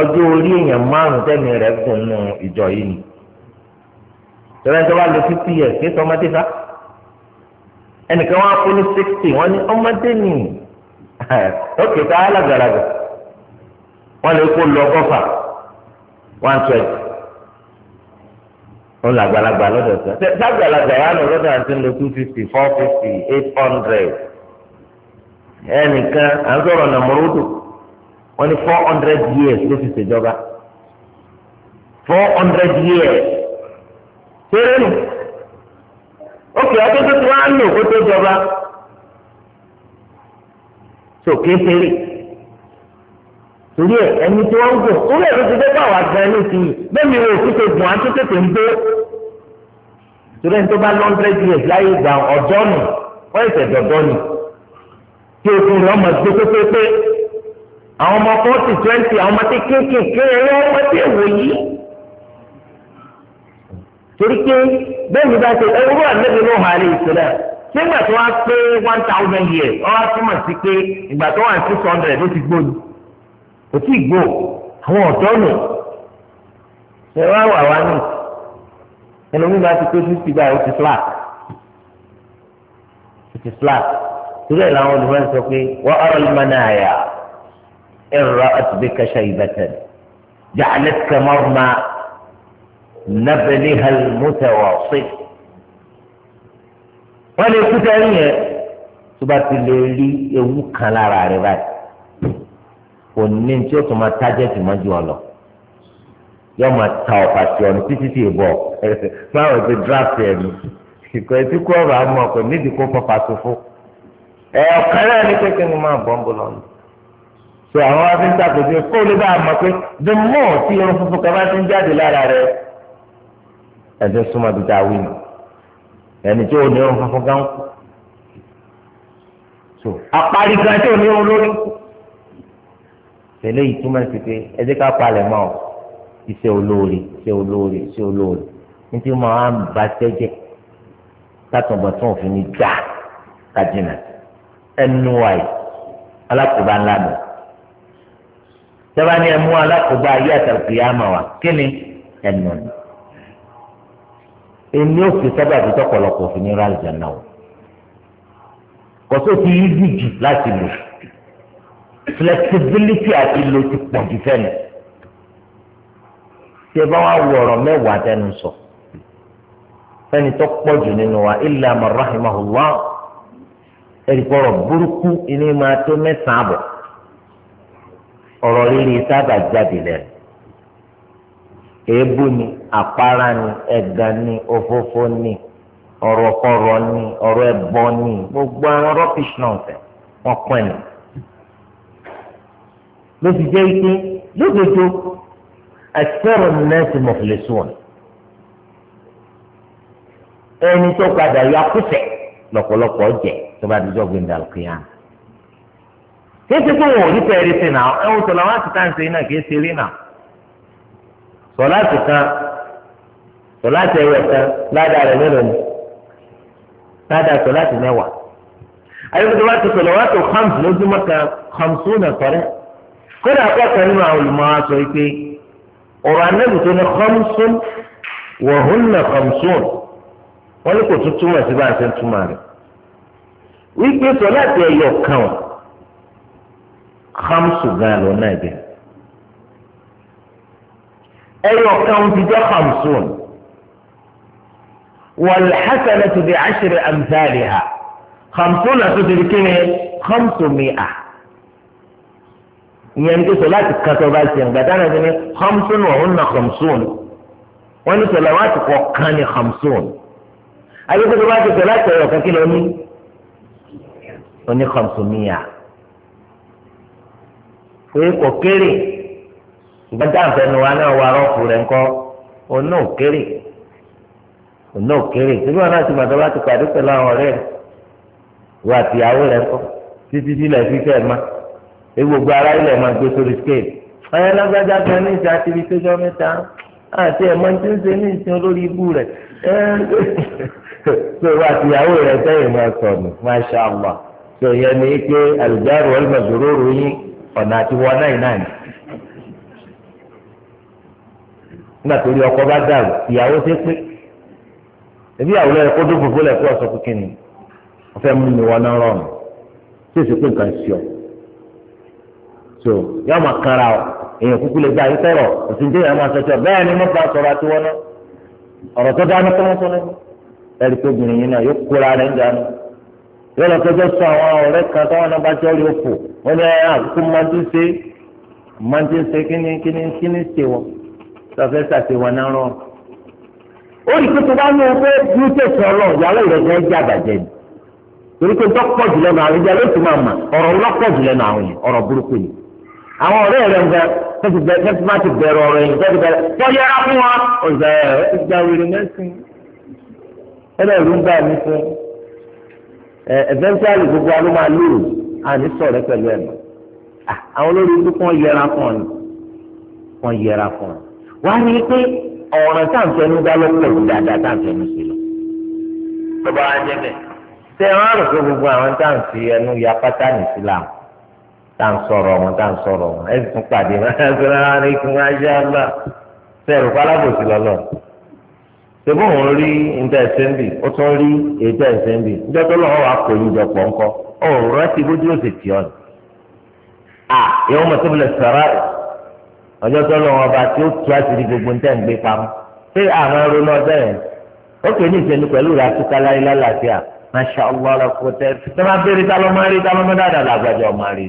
ọjọ́ orí èèyàn márùn-ún tẹ́mi rẹ̀ gùn nù ìjọ yìí ni tẹ́lẹ̀ tó bá lò fifty years kí sọmọdé fa ẹnìkan wọn kú ní sixty wọn ní ọmọdé nì ókè tá a lágbàlagbà wọn lè kó lọ gọ́fà one twenty ó làgbàlagbà lọ́dọ̀ tó ṣe lágbàlagbà wà lọ lọ́dọ̀ àti lọ two fifty four fifty eight hundred ẹnìkan à ń sọ̀rọ̀ nàmúrúdù wọ́n ní four hundred years ló fi ṣèjọba four hundred years ṣeré nù ókè ọdún tó ti wá lò kó tó jọba sókè ṣeré. So, torí ẹ ẹni tí wọ́n ń gùn orí ẹ̀rọ ti dẹ́gbà wá gan ní ti bẹ́ẹ̀ mi ò fi ṣe gùn àti tètè ń gbé torí ẹni tó bá hundred years láyé ìgbà ọ̀dọ́ nù wọ́n ẹ̀sẹ̀ dọ̀dọ́ nù tí okùn rẹ̀ ọmọ gbé pépépé àwọn ọmọ forty twenty àwọn ọmọ tí kéékèèké ẹ̀rọ ọmọ tí èwò yìí torí pé bẹ́ẹ̀ mi bá ṣe ẹwúrú àlejò ló hà lè ìṣẹ̀lẹ̀ nígbà tó wá pé one thousand years ọ wá túmọ̀ sí pé ìgbà tó wà six hundred ló ti gbóyìí kò tí ì gbó àwọn ọ̀dọ́ nù ṣe wá wà wá nù ẹlòmíì bá ti pé fífi bá ó ti flat ó ti flat torí ẹ̀ làwọn olùmọ̀ sọ pé wọ́n ọ̀rọ̀ lè máa náà yà ẹ̀rọ àtúbí kẹsà ìbẹ̀tẹ̀ jàlẹ̀ kẹmọ́rùmá nàbẹ̀lẹ̀ hàlmùtẹ̀wọ̀ sí. wọ́n lè kú tẹ́lẹ̀ yẹn tó bá ti lè rí ewu kan lára rẹ̀ báyìí kò ní tí ó tún máa tájẹ́tì máa ju ọ̀lọ́ yóò máa ta ọ̀pá sí ọ̀nà títí tí ìbọ̀ báwo ti draft ẹ̀ mi ìkọ̀ etí kú ọ̀rọ̀ àmọ́ ọ̀pẹ nídìí kó fọ́pá sófó ẹ̀ ọ̀kan náà ní pé kí ni máa bọ́ ń bọ̀ lọ́nà so àwọn afẹ́ńtà kò sí kó lè bá a mọ̀ pé the more tí irun funfun kan bá ti ń jáde lára rẹ ẹ̀jẹ̀ súnmọ́ bí ta wí nù ẹni tí ò ní o funfun kan kú so àparí gan tí kú tẹ̀lé ìtumọ̀ sí pé ẹdí ká palẹ̀ mọ́ ọ iṣẹ́ olóore iṣẹ́ olóore iṣẹ́ olóore ní tí mo máa ń ba sẹ́jẹ̀ látọ̀bọ̀tán òfin ní dá kájínà ẹnu wáyé alákòóbá ńlá mi sábà ní alákòóbá ayé àtàkùn yá mà wá kí ẹnu ni èmi ò fi sábà fi tọ̀pọ̀lọpọ̀ òfin ní rálì jẹ náà kò sóò ti yí jù láti lò. flexibility àti lo ti pọ̀ jù fẹ́ni tí ẹ bá wà wọ ọ̀rọ̀ mẹ́wàá dẹnu sọ fẹ́ni tó pọ̀ jù nínú wa illa man rahimahullah ẹ̀rìkọ̀rọ̀ burúkú iní máa tó mẹ́sàn-án àbọ̀ ọ̀rọ̀ rírì sábà jáde lẹ́nu èébú ni àpárá ni ẹ̀gàn ni òfófó ni ni ọ̀rọ̀ ẹ̀bọ ni gbogbo àwọn rọ́pìṣì náà fẹ́ wọ́n ló fi jẹ́ ike lódodo àtẹ̀rọ̀ nẹ́ẹ̀sì mọ̀fìlẹ́sùn ẹni tó padà yọ akúfẹ̀ lọ́pọ̀lọpọ̀ jẹ́ tó bá dijọ́ gbẹ̀ndà kìíyàn. kéde kó wọn ò ní fẹ́ẹ́ rí sí náà ẹ̀wọ̀n sọ̀lá wọn ti káńsì iná kìí ṣe rí náà sọ̀lá ti kan sọ̀lá ti ẹ̀wẹ̀ kan ládàá rẹ̀ mélòó ni ládàá sọ̀lá ti mẹ́wàá. ayélujára ti sọ̀lá wọn tó hàmsì lójúmọ́ kan hàmsì ó nà sọ̀rẹ́ kódà akọ́kọ́ nínú àwọn olùmọ̀ wa sọ pé ọ̀rọ̀ anábì tó ní khamsun wa hunna khamsun wọ́n ní kò tún túmọ̀ sí bá a ṣe ń túmọ̀ rẹ̀ wípé sọ láti ẹ̀yọ̀ kan ọ̀ khamsu gan lọ náà jẹ ẹ̀yọ̀ kan ti jẹ́ khamsun wal hasanatu bi ashri amthaliha khamsun àti tòdìrí kí ni khamsu mi'a ìyẹn ní sọ láti kan tó bá ṣe ń gbàdá náà ní hamsun ọ̀hún na hamsun wọ́n ní sọlá wàá ti kọ́ kan ní hamsun àyẹ̀kọ́ tó bá ti sọ láti ọ̀rọ̀ kankan lọ ní oní hamsun níyà pé kò kéré ìgbàdá àfẹnu wa náà wà rọ́ọ̀fù rẹ̀ ńkọ́ oní òkéré oní òkéré síbí wọn náà ti màtọ́ bá pàdé pẹ̀lú àwọn ọ̀rẹ́ rẹ̀ wọ́n àtìyàwó rẹ̀ ńkọ́ títí sílẹ̀ fífẹ́ máa egbogbo ara ilẹ̀ máa gbé sórí scale ọ̀yẹ́ lágbájá kan ní ìṣe àti ibi péjọ mẹ́ta àti ẹ̀mọ́ tí ń ṣe ní ìsìn olórí ibú rẹ̀ ṣé wà tìyàwó rẹ̀ sẹ́yìn máa sọ̀nù masha allah ṣe yẹn ni pé alùjáde wọlé màdúró ròyìn ọ̀nà àti wọn náà náà ni. nígbà tó rí ọkọ bá dàrú ìyàwó ṣe pé ebi àwòrán ẹ̀ kó dó fòfó lẹ̀ kó ọ̀sọ́ kékeré ọ̀fẹ́ mú mi wọn náà rọrùn tí èsì pé nǹkan ṣe so yóò máa kanra o èèyàn kúkú lè gba ìtọ̀rọ̀ òsì njẹ́ yàrá máa sọ́jọ́ bẹ́ẹ̀ ni mo bá àti wọn náà tó tó yìí náà yóò kóra yóò lọ sọ àwọn kan tó wọn náà bá òfò wọn ni àkókò máa ṣe máa ọrụ ṣe kíni kíni kíni ṣe wọn sọfẹ́ wọn náà àwọn ọ̀rẹ́ rẹ̀ ń bẹ tẹ́tí bá ti bẹ̀rẹ̀ ọ̀rọ̀ yìí tẹ́tí bẹ̀rẹ̀ tó yẹra fún wa ọ̀sẹ̀ ẹ̀ ti gba wèrè mẹ́sìn ẹ̀rọ ìlú ń bá mi fún ẹ̀ ẹ̀fẹ́ntàlì gbogbo aló máa lóòrò àní sọ̀rọ̀ pẹ̀lú ẹ̀ ah, àwọn olórí ikú kan yẹra fún ọ kan yẹra fún ọ wàá rí i pé ọ̀ràn táǹfẹ̀nu dá lọ́pọ̀ ìlú dáadáa táǹfẹ̀nu sí lọ bàbá wa jẹ́ bẹ́ẹ̀ tẹ̀ wọ́n gbogbo àwọn táǹfẹ̀nu ya pátá nìsí làwọn tá ń sọ̀rọ̀ wọn tá ń sọ̀rọ̀ wọn ẹ sì tún pàdé wọn ẹ sọ náà ní kí wọn ṣe àlọ sẹrù pálábòsì lọlọ ṣebí òun rí níta ẹsẹ ń bì ó tún rí èyíta ẹsẹ ń bì níta tó lọ́wọ́ wa kò ní ìjọpọ̀ ńkọ ọ̀rọ̀ rántí bójú ó sì tì ọ́ ni. à ìwọ́n mọ̀ tó bilẹ̀ sọ̀rọ̀ ọjọ́ tó lọ́wọ́ ọba tí ó tu àṣírí gbogbo níta ń gbé pamọ́ ṣé àwọn ẹrú náà bẹ̀rẹ̀ ó kè ní ìṣẹ́ni pẹ̀lú ìrasúkálá ilá làásìá masha allah ọlọ́kùnrin tẹ́ ẹ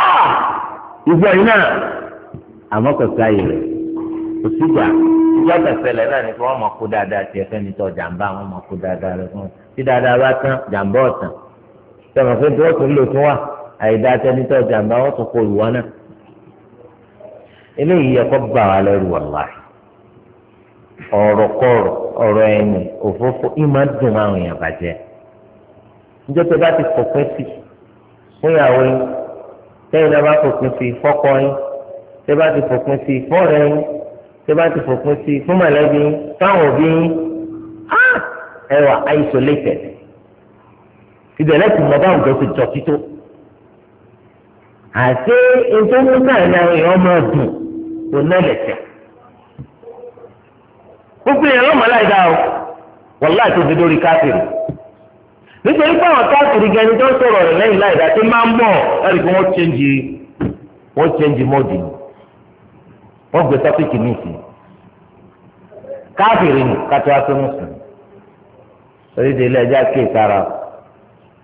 ìgbà yìí náà àmọ́ kò sáyè rẹ̀ kò síjà ìjọ tẹ̀sẹ̀lẹ̀ náà ni kí wọ́n mọ̀ kó dáadáa tiẹ̀ fẹ́ni tó jàǹbá wọn mọ̀ kó dáadáa rẹ̀ fún un tí dáadáa bá tán jàǹbá ọ̀tàn tẹ̀wọ̀n pé tí wọ́n tún lò tún wà àìdáa tẹ́ni tó jàǹbá wọ́n tún kó ìwọ náà eléyìí ẹ̀kọ́ bà wá lẹ́rù wàláì ọ̀rọ̀ kọ̀rọ̀ ọ̀rọ̀ ẹ̀yìn òfófó ìmọ̀ dùn àwọn èèyàn bàjẹ́ tẹ́yìn náà bá fòpin sí fọ́kọ yín tẹ́ bá ti fòpin sí fọ́rẹ́ yín tẹ́ bá ti fòpin sí fún mọ̀lẹ́bí yín fáwọn òbí yín ẹ wà isolated ìbẹ̀rẹ̀ ti mọ̀ báwọn jọ ti jọ tító àti ìtọ́jú káyìn àwọn èèyàn máa dùn kò náà lẹ̀sẹ̀ gbogbo èèyàn lọ́mọ aláìdá o wọ́n láti fi dórí káfíìrì. nítorí pé àwọn káàkiri gẹni tó ń sọ̀rọ̀ rẹ̀ lẹ́yìn láì dáa tí máa ń bọ̀ ẹ̀rí pé wọ́n chẹ́ǹjì wọ́n chẹ́ǹjì mọ́ọ̀dì wọ́n gbé tọ́pìkì míì sí káàkiri nù kátó aṣọ mùsùlùmí torí délé ẹjẹ́ àkíyè sára o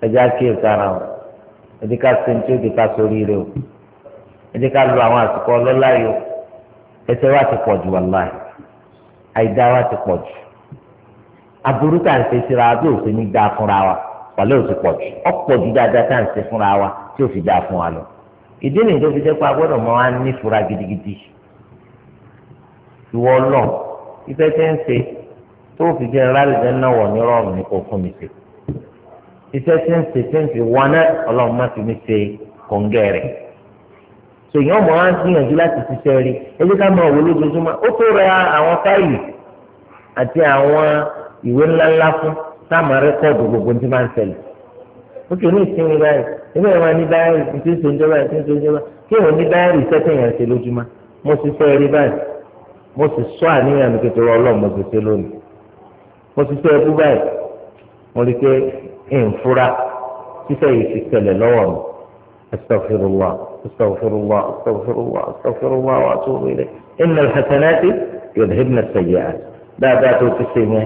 ẹjẹ́ àkíyè sára o ẹjẹ́ ká ṣe ní tí ó di ká sórí rẹ o ẹjẹ́ ká lo àwọn àsìkò ọlọ́lá yìí o wa ti pọ̀ jù wàláì àìdá wa ti pọ̀ jù aburú tá ń ṣe síra adó òfin ní fúnra wa. wàlẹ́ ò ti pọ̀ jù ọ̀pọ̀ jù dáadáa tá à ń ṣe fúnra wa tí ò fi dáa fún wa lọ ìdí nìyí tó fi jẹ́ pé a gbọ́dọ̀ mọ wá nífura gidigidi ìwọ lọ ìfẹ́ tẹ́ ń ṣe tó fi jẹ́ rálẹ̀dẹ́ náà wọ̀ ní rọrùn ní kò fún mi ṣe ìfẹ́ tẹ́ ń ṣe tẹ́ ń ṣe wọn náà ọlọ́run má fi mi ṣe kòǹgẹ́ rẹ̀ sèyàn mọ̀ wá gbìyànjú láti ṣiṣẹ́ rí ebi ká máa wò lójoojúmọ́ ó tó ra àwọn fáìlì àti àwọn ìwé ńláńlá fún táàmù rẹ́kọ̀dù gbogbo ní máa ń ṣẹlẹ̀ ó kì í ní ìsinmi báyìí ẹgbẹ́ ìwà ní báyìí ní tó ń jọba ní tó ń jọba kí òun ní báyìí sẹ́tẹ̀ yẹn ṣe lójúmọ́ mo sì sọ eré báyìí mo sì sọ àníyàn mi kékeré ọlọ́run mo sì ṣe lónìí mo sì sọ ẹbú báyìí mo rí ni isinmi bayii egbe iwa ni bayii ni to n joba isinmi to ìǹfura ṣíṣe yìí ti ṣẹlẹ̀ lọ́wọ́ mi astaghfirullah astaghfirullah astaghfirullah astaghfirullah wa atubu ilayh inna al-hasanati yudhibna as-sayyi'at dáadáa tó ti ṣe yẹn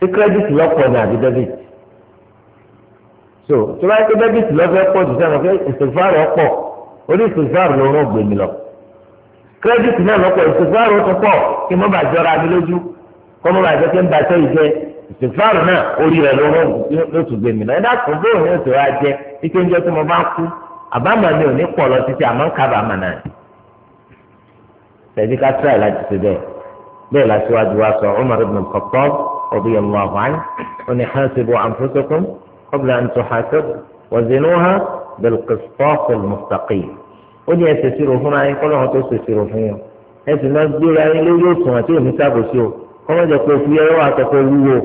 sí credit lọ́pọ̀ ní àbí debit so tí wọ́n á ké debit lọ́fẹ́ pọ̀ jù sẹ́wọ̀n pé ìsèfáàrọ̀ pọ̀ orí ìsèfáàrọ̀ ló rán gbèmí lọ credit náà lọ́pọ̀ ìsèfáàrọ̀ tó pọ̀ kí mo bá jọra mi lójú kọ́ mo bá jẹ́ pé ń ba sẹ́yìn jẹ́ ìsèfáàrọ̀ náà orí rẹ̀ ló rán ló tún gbèmí lọ ẹ̀dá kò bóun yóò tó wá jẹ́ ike ń jẹ́ tí mo bá kú àbámọ̀ mi ò bẹ́ẹ̀ bẹ́ẹ̀ lásìwájú wa sọ Umar ibn Khattab radiyallahu anhu ó ní hasibu anfusakum qabla an tuhasabu wa zinuha bilqisṭāsi al-mustaqīm ó ní ẹsẹ̀ sírò fúnra yín kọ́ lọ́wọ́ tó ṣe sírò fún yín ẹsẹ̀ náà gbéra yín lórí òṣùwọ̀n tí òní sábòsí o kọ́mọ́jọ pé òfin ẹ̀rọ àtọ́kọ́ wúwo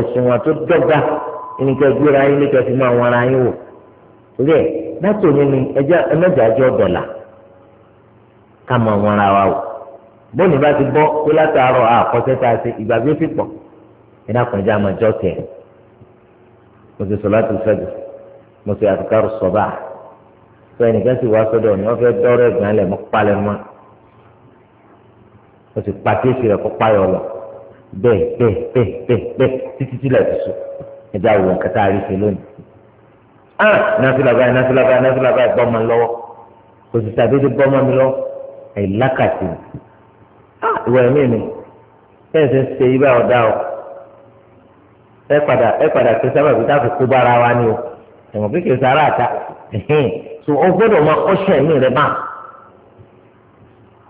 òṣùwọ̀n tó dọ́gba ẹnìkan gbéra yín lókè fi máa wọn ara yín wò torí ẹ látò ní ni ẹmẹ́jàjọ́ dọ̀là ká máa wọn ara wa wò bóni bá ti bọ́ pé látàárọ̀ àkọsẹ́ tá a ṣe ìgbàgbé ti pọ̀ iná kọjá àmọ́jọ́ tẹ̀ mo ti sọ̀lá tó fẹ́ẹ́ mo ti àtúkárò sọ̀bà sọ ẹnìkan sì wá sọ́dọ̀ ni wọ́n fẹ́ dọ́rọ̀ ẹ̀gbọ́n lẹ̀ mọ́ palẹ̀ mọ́ mo ti pa kéèsì rẹ̀ kó payọ̀ lọ bẹ́ẹ̀ bẹ́ẹ̀ bẹ́ẹ̀ bẹ́ẹ̀ bẹ́ẹ̀ títí tí lẹ́ẹ̀ tuntun ẹ̀dá wò ń kẹta rí ṣe lónìí. a nàfìlà báyìí nàfìlà báyìí nàfìlà báyìí bọ́ ọmọ lọ́wọ́ kò sì sàdédé bọ́ ọmọ mi lọ àìlákàtì ìwọ ẹ̀mí mi bẹ́ẹ̀ ṣe ń ṣe ibà ọ̀dà ẹ padà ẹ padà pé sábàbí táfi kó bára wa ni o ẹ̀wọ̀n kékeré sára àta so o gbọ́dọ̀ máa kọ́ṣẹ́ ẹ̀mí rẹ máa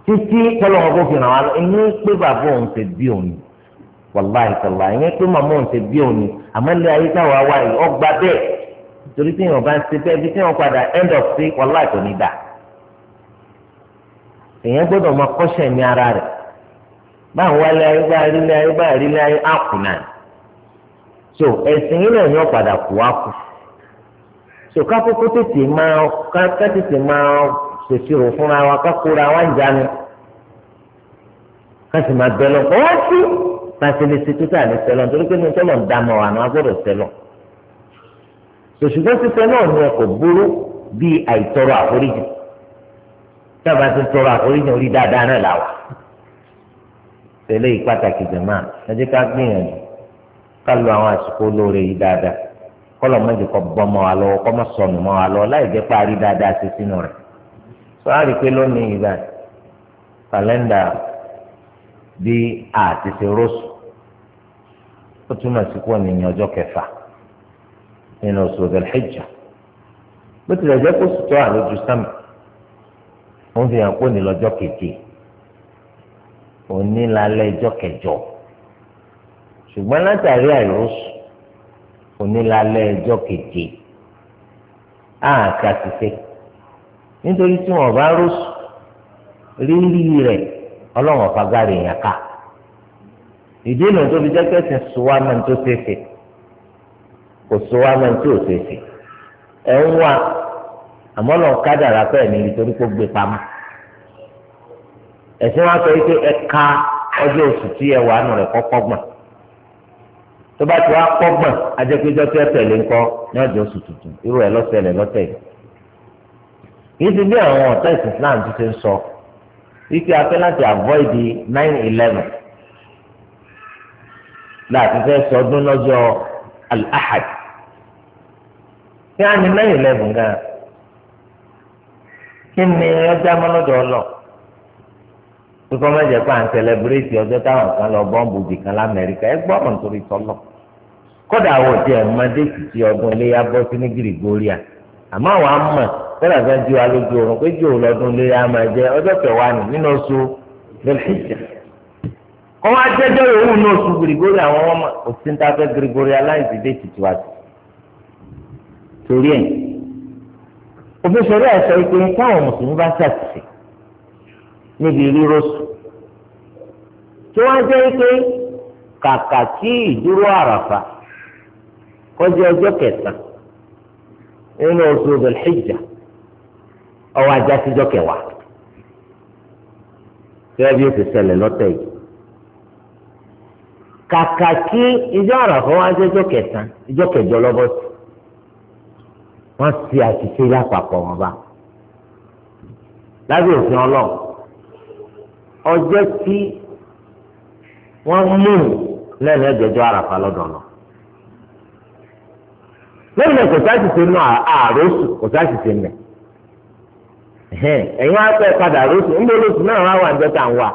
títí tọ́lọ́wọ́ bó fi ràn wá ẹni pé bàbá òun ti bí òun wàláhì tọ́lá ẹni pé màmá òun ti bí òun àmọ́ ilé ayé yìí bẹ́ẹ̀ torí bá ń ṣe bẹ́ẹ̀ end of day tó ní dà so ẹ̀sìn yìí náà ni wọ́n padà kú wá so kákókó tètè máa ká tètè máa ṣèṣirò fúnra wa kákóra wa ń jánu ká sì máa bẹ lọ kọ́ wá sí ká sì lè ṣe tó tà ní sẹlọ nítorí pé ní sẹlọ ń dá mọ àná agbọ́dọ̀ sẹlọ so ṣùgbọ́n sísẹ náà ni ẹ kò burú bíi àìtọrọ àforíjì tábà ti tọrọ àforíjì orí dáadáa náà làwà tẹlẹ ìpàtàkì jẹ máa ẹ jẹ ká gbìyànjú ká lo àwọn àsìkò lóore yìí dáadáa kọlọ méjì kọ bọ mọ wa lọ́wọ́ kọ mọ sọnù mọ wa lọ́wọ́ láì jẹ parí dáadáa sí sínú rẹ̀ sọ á rí i pé lónìí ìgbà kàlẹ́ndà bí àti ṣe rọ́ọ̀sù ó túmọ̀ sí pọ̀ nìyẹn ọjọ́ kẹfà nínú oṣù Dhul-Hijja bó tilẹ̀ jẹ́ kó sùtọ́ àlójú sámà ó fi hàn pé òní lọ́jọ́ òní lálẹ́ ọjọ́ kẹjọ ṣùgbọ́n látàrí àìrósù onílàlẹ́ ẹjọ́ keje àkà ṣiṣẹ́ nítorí tí wọ́n bá rósù rírí rẹ̀ ọlọ́wọ́n fagbárí yẹn ká ìdí ìlú tó fi jẹ́ kẹ́sìn sùwà máa ń tó ṣeéṣe kò sùwà máa ń tó ṣeéṣe ẹ̀ ń wá àmọ́ lọ́n kádàrá pẹ́ẹ́ níbi torí kó gbé pamọ́ ẹ̀sìn wa sọ wípé ẹ̀ka ọjọ́ oṣù tí ẹ wà nù rẹ̀ kọ́kọ́ gbọ̀n. tó bá ti wá kọ́gbọ̀n ajẹ́pẹ́jọ́ tó tẹ̀lé ńkọ́ ní oṣù tuntun irú ẹ̀ lọ́sẹ̀lẹ̀ lọ́tẹ̀ yìí ti bí àwọn ọ̀tá ìsìn Islam ti ṣe ń sọ wípé a láti avoid nine eleven láti fẹ́ sọdún lọ́jọ́ al-ahad kí á ní nine eleven gan kí ni ọjà mọ́lọ́dọ̀ kíkọ́ mẹ́jẹ pa ń sẹlẹbírétì ọjọ́ táwọn kan lọ bọ́ǹbù bì kan lamẹ́ríkà ẹ gbọ́rọ̀ nítorí tọ́lọ̀ kódà àwọn òtí ẹ̀ mọ́dé títí ọdún iléyà bọ́ sí ní gírígóríà àmọ́ àwọn amọ̀ kódà fẹ́ ju alójú oorun pé jù lọ́dún iléyà máa jẹ ọjọ́ kẹwàá nì nínú oṣù lẹ́lẹ́jà kọ́ wá jẹ́jọ́ òun ní oṣù gírígóríà àwọn ọmọ òsì ń tafẹ́ gírígóríà láìsí dé títí wá sí torí ẹ̀ òfin sọ̀rọ̀ ẹ̀ sọ pé káwọn mùsùlùmí bá ṣàtìsí níbi rírọ́sù tí wọ́n jẹ́ pé kàkà tí ìdúró àràfà kọjá ọjọ́ kẹsàn-án nínú oṣù Dhul-Hijjah ọwọ́ ajá síjọ́ kẹwàá tí wọ́n bí ó ti ṣẹlẹ̀ lọ́tẹ̀ yìí kàkà kí ìjọ àràfà wọn ajá ọjọ́ kẹsàn ìjọ kẹjọ lọ́bọ̀ sí wọ́n ti àṣìṣe lápapọ̀ wọn bá lábẹ́ òfin ọlọ́run ọjọ́ tí. wọ́n mú lẹ́nu ẹgbẹ̀jọ́ àràfà lọ. lẹ́yìn náà kò sáàsì ṣe nù àròsù kò sáàsì ṣe nù. ẹ̀yin wá pẹ́ padà àròsù ńgbẹ́ lóṣù náà wá wà ńjọ́ta ń wà.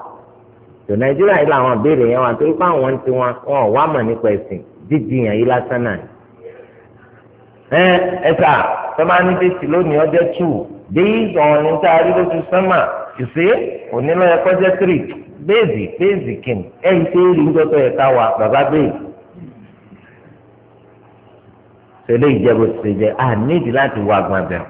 tó nàìjíríà yìí làwọn béèrè yẹn wà pé àwọn ti wọn wọn wá mọ̀ nípa ẹ̀sìn jíjìyàn yìí lásán náà. ẹ ẹ sà lónìí ọjọ́ tù ìṣe onílọ ẹkọ jẹ tírì béèzì béèzì kìnnì ẹyìn tó rí ńdọtọ yẹ ká wa bàbá béèzì sọlẹ ìjẹbù ti jẹ a nídìí láti wọ àgbọn bẹ̀rù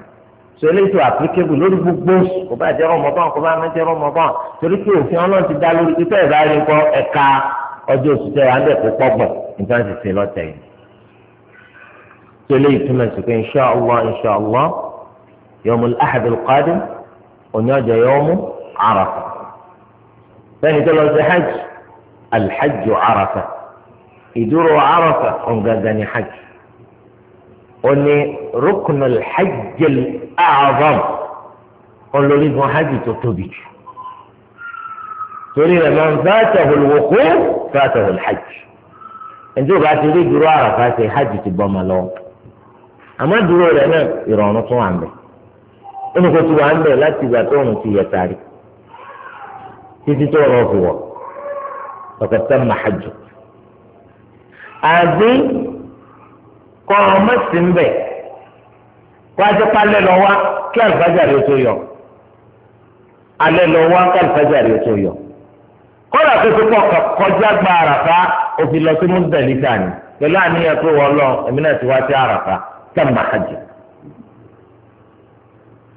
sọlẹ tó àplikébù lórí gbogbo kò bá jẹ ọmọ bọ́n kò bá má jẹ ọmọ bọ́n torí pé òfin Ọlọ́run ti dá lórí pípẹ́ ẹ̀ bá rí nǹkan ẹ̀ka ọjọ́ oṣù tẹ̀ wá ń kó pọ́gbọ̀n nǹkan ti ṣe lọ́tẹ̀ yìí sọlẹ ìtumọ̀ sí pé inṣàlá òní ọjà yawmu Arafa bẹ́ẹ̀ni tó lọ sí hajj alhajj Arafa ìdúró Arafa ọ̀ngangan ni hajj òní rukun alhajj al-a'zam olórígun hajj tó tóbi jù torí rẹ̀ man fatahu al-wuquf fatahu al-hajj ẹnjẹ́ o bá ti rí ìdúró Arafa ṣe hajj ti bọ́ ma lọ àmọ́ ìdúró rẹ̀ náà ìrọ̀rùn tún wà ń bẹ̀ ó ní kó ti wà ń bẹ̀ láti ìgbà tó òun ti yẹ tari títí tó rọ̀ fún wọ ọ̀kẹ́ tẹ́ mà hajù. àbí kọ́ ọmọ sí ń bẹ̀ kó ajẹ́ pálẹ̀ lọ wá kí àlùfáàjà rẹ̀ tó yọ alẹ́ lọ wá kí àlùfáàjà rẹ̀ tó yọ kọ́lá tó tó kọ́ kọjá gba àràfá òfin lọ sí mú bẹ̀lí ni pẹ̀lú àníyàn tó wọ́ lọ ẹ̀mí náà ti wá sí àràfá tẹ́ mà hajù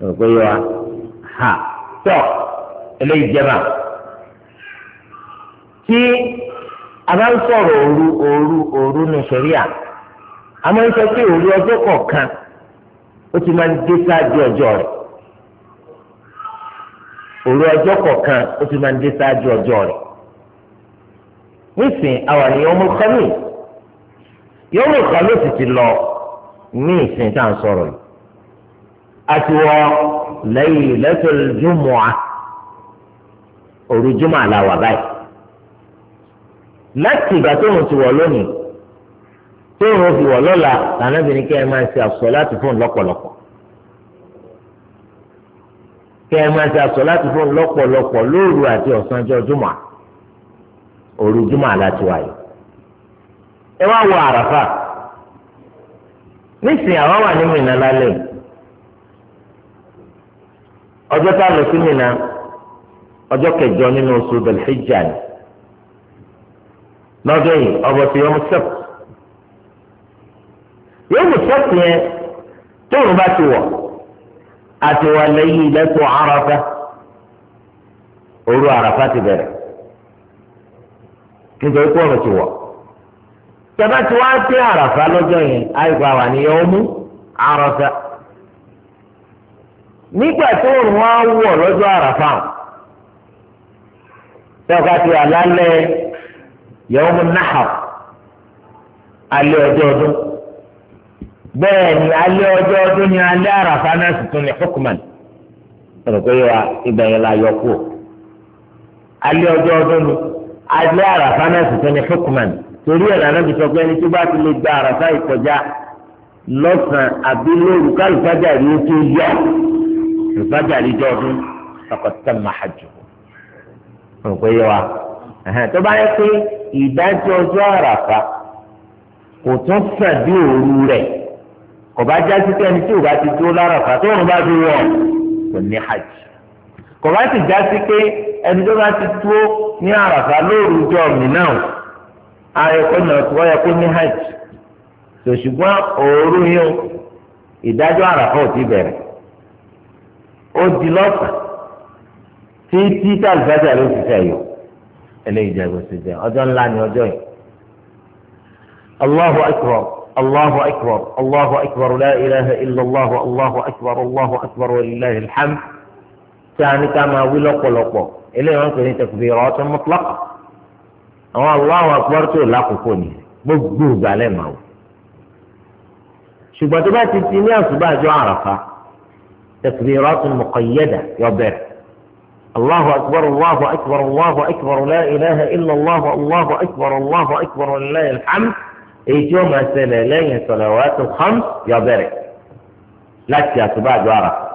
òpè yọ wa ha tọ eléyìí jẹba tí a bá ń sọ̀rọ̀ òru òru òru ní sẹ́ríà a máa ń sọ pé òru ọjọ́ kọ̀ọ̀kan ó ti máa ń dé sáájú ọjọ́ rẹ̀ òru ọjọ́ kọ̀ọ̀kan ó ti máa ń dé sáájú ọjọ́ rẹ̀ nísìnyí àwọn ènìyàn ọmọ kọ́mí yọmọ kọ́mí sì ti lọ ní ìsìn tá à ń sọ̀rọ̀ yìí. àti wọ lẹ́yìn lẹ́tọ̀lùjúmọ́à òrùjúmọ́ àlàwà báyìí láti ìgbà tó ń ti wọ lónìí tó ń fi wọ lọ́la lànàbìnrin ẹ máa ṣe àṣọ láti fún lọ́pọ̀lọpọ̀ kẹ́ ẹ máa ṣe àṣọ láti fún lọ́pọ̀lọpọ̀ lóru àti ọ̀sán ọjọ́ júmọ́ òrùjúmọ́ àláti wáyé ẹ wá wọ àràfà nísìnyí àwọn ọjọ́ tá a lọ sí Mínà ọjọ́ kẹjọ nínú oṣù Dhul-Hijjah ni lọ́dún yìí ọbọ̀ tí yọmú sẹ́pù yọmú sẹ́pù yẹn tóun bá ti wọ̀ àti wà lẹ́yìn ilẹ̀kùn Àrafá òru Àrafá ti bẹ̀rẹ̀ nítorí pé ọ̀rọ̀ ti wọ̀ tẹ́bá ti wá sí Àrafá lọ́jọ́ yẹn àìgbà wà ní yọmú Àrafá. nígbà tó òun á wọ̀ lọ́jọ́ àràfà tọ́ka ti àlálẹ́ yẹ̀wò náà alẹ́ ọjọ́ ọdún bẹ́ẹ̀ ni alẹ́ ọjọ́ ọdún ni alẹ́ àràfà náà sì tún ní hukman ẹ̀rọ pé yọ ibà yẹn la yọ kú alẹ́ ọjọ́ ọdún ni alẹ́ àràfà náà sì tún ní hukman torí ẹ̀ lànà bí sọgbẹ́ ni tó bá ti lè gba àràfà ìkọjá lọ́sàn-án ìfájàrí jọ ọdún ọkọ̀tẹ́ màájù òpè yẹ wa tó bá yẹ pé ìdájọ́ ọjọ́ àràfà kò tún fẹ̀dí òru rẹ̀ kò bá já sí pé ẹni tí ò bá ti dúró láràfà tó òun bá dúró ọ̀ kò ní hajj kò bá sì já sí pé ẹni tó bá ti dúró ní àràfà lóru jọ mìíràn ayọ̀kọ́ náà tó wáyà kó ní hajj tòṣùgbọ́n òru yẹn ìdájọ́ àràfà ò ti bẹ̀rẹ̀ ó di lọ́sàn tí tí tí àlùfáàjà ló ti fẹ́ yọ eléyìí jẹ́ gbèsè jẹ́ ọjọ́ ńlá ni ọjọ́ yìí. Allahu akbar Allahu akbar Allahu akbar la ilaha illallah Allahu akbar Allahu akbar walillahi alhamd tí a ní ká máa wí lọ́pọ̀lọpọ̀ eléyìí wọn kò ní takbiratun mutlaqa àwọn Allahu akbar tó lákòókò ni gbogbo ìgbàlẹ̀ máa wò. ṣùgbọ́n tó bá ti ti ní àṣùbà àjọ àràfà. تكبيرات مقيدة وبر الله أكبر الله أكبر الله أكبر لا إله إلا الله الله أكبر الله أكبر ولله الحمد إيجو ما سلالين صلوات الخمس يبرك لك يا سبع جارة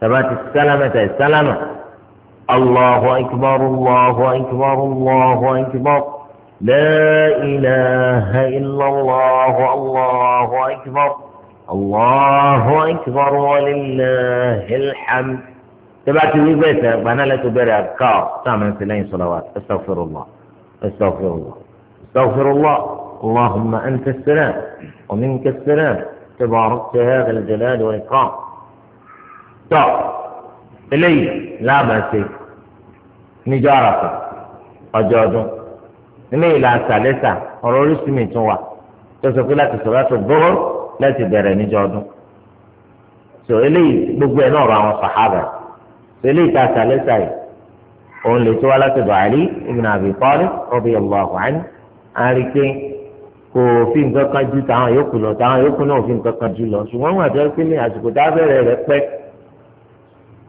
ثبات السلامة السلامة الله أكبر الله أكبر الله أكبر لا إله إلا الله الله أكبر الله أكبر ولله الحمد تبعت لي بيتا وانا لا تبرع كار تعمل سلين صلوات استغفر الله استغفر الله استغفر الله اللهم أنت السلام ومنك السلام تباركت هذا الجلال والإكرام طب إلي لا بأس نجارة أجاد إلي لا سالسة توا سميتوا لك صلاة الظهر lẹ́sì bẹ̀rẹ̀ níjọ ọdún so eléyìí gbogbo ẹ̀ náà rọ àwọn sàhábà so eléyìí tá a sà lẹ́sà yìí òun lè tó wá láti bọ̀ àlí ibn Abi Talib radiyallahu anhu àríkè kò fi nǹkan kan ju táwọn yòókù lọ táwọn yòókù náà fi nǹkan kan ju lọ ṣùgbọ́n wọn àti ẹgbẹ́ ní àsìkò tá a bẹ̀rẹ̀ rẹ pẹ́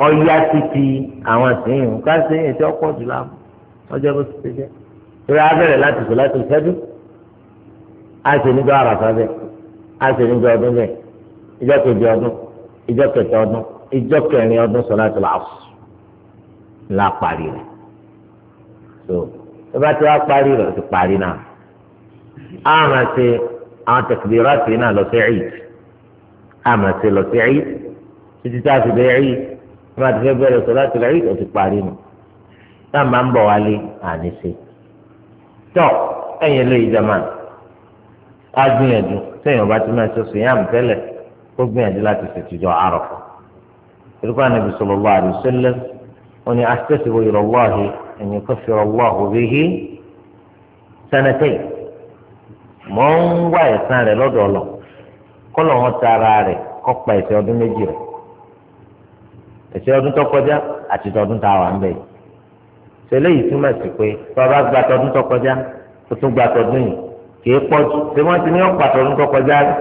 ọyá títí àwọn sèyìn ká sèyìn tí ọkọ̀ jù lọ ọjọ́ bó ti ṣe jẹ́ torí a bẹ̀rẹ̀ láti sọ láti ṣẹ́dún a sì ní bá àràfà bẹ́ẹ̀ á sì níjọ ọdún bẹ́ẹ̀ ìjọ kejì ọdún ìjọ kẹta ọdún ìjọ kẹrin ọdún sọláàtì làásù la parí rẹ̀ so tó bá ti wá parí rẹ̀ ti parí náà á máa ṣe àwọn tẹkìlérà sí náà lọ sí ẹ̀yìn á máa ṣe lọ sí ẹ̀yìn títí tá a fi bẹ̀rẹ̀ ẹ̀yìn tó bá ti fẹ́ bẹ̀rẹ̀ sọláàtì lẹ́yìn ó ti parí nù táà máa ń bọ̀ wálé àníṣe tọ́ ẹ̀yìn lóye jẹ́ máa. á gbìyànjú sẹ́yìn ọba tí máa ń sọ̀sọ̀ yá àmùtẹ́lẹ̀ kó gbìyànjú láti ṣètìjọ́ àrọ̀ irúgbà nàbì sallallahu alaihi wasallam wọn ni astasibu ila Allahi an yukaffira Allahu bihi sanatayn mọ̀ ń wá ẹ̀san rẹ̀ lọ́dọ̀ ọ̀lọ́ Kọlọ wọn ta ara rẹ̀ kọ́pa ẹ̀ṣẹ̀ ọdún méjì rẹ̀ ẹ̀ṣẹ̀ ọdún tó kọjá àti a wà kìí pọ̀jù tí wọ́n ti ní ọ̀pàtọ̀ ọdún tó kọjá rẹ̀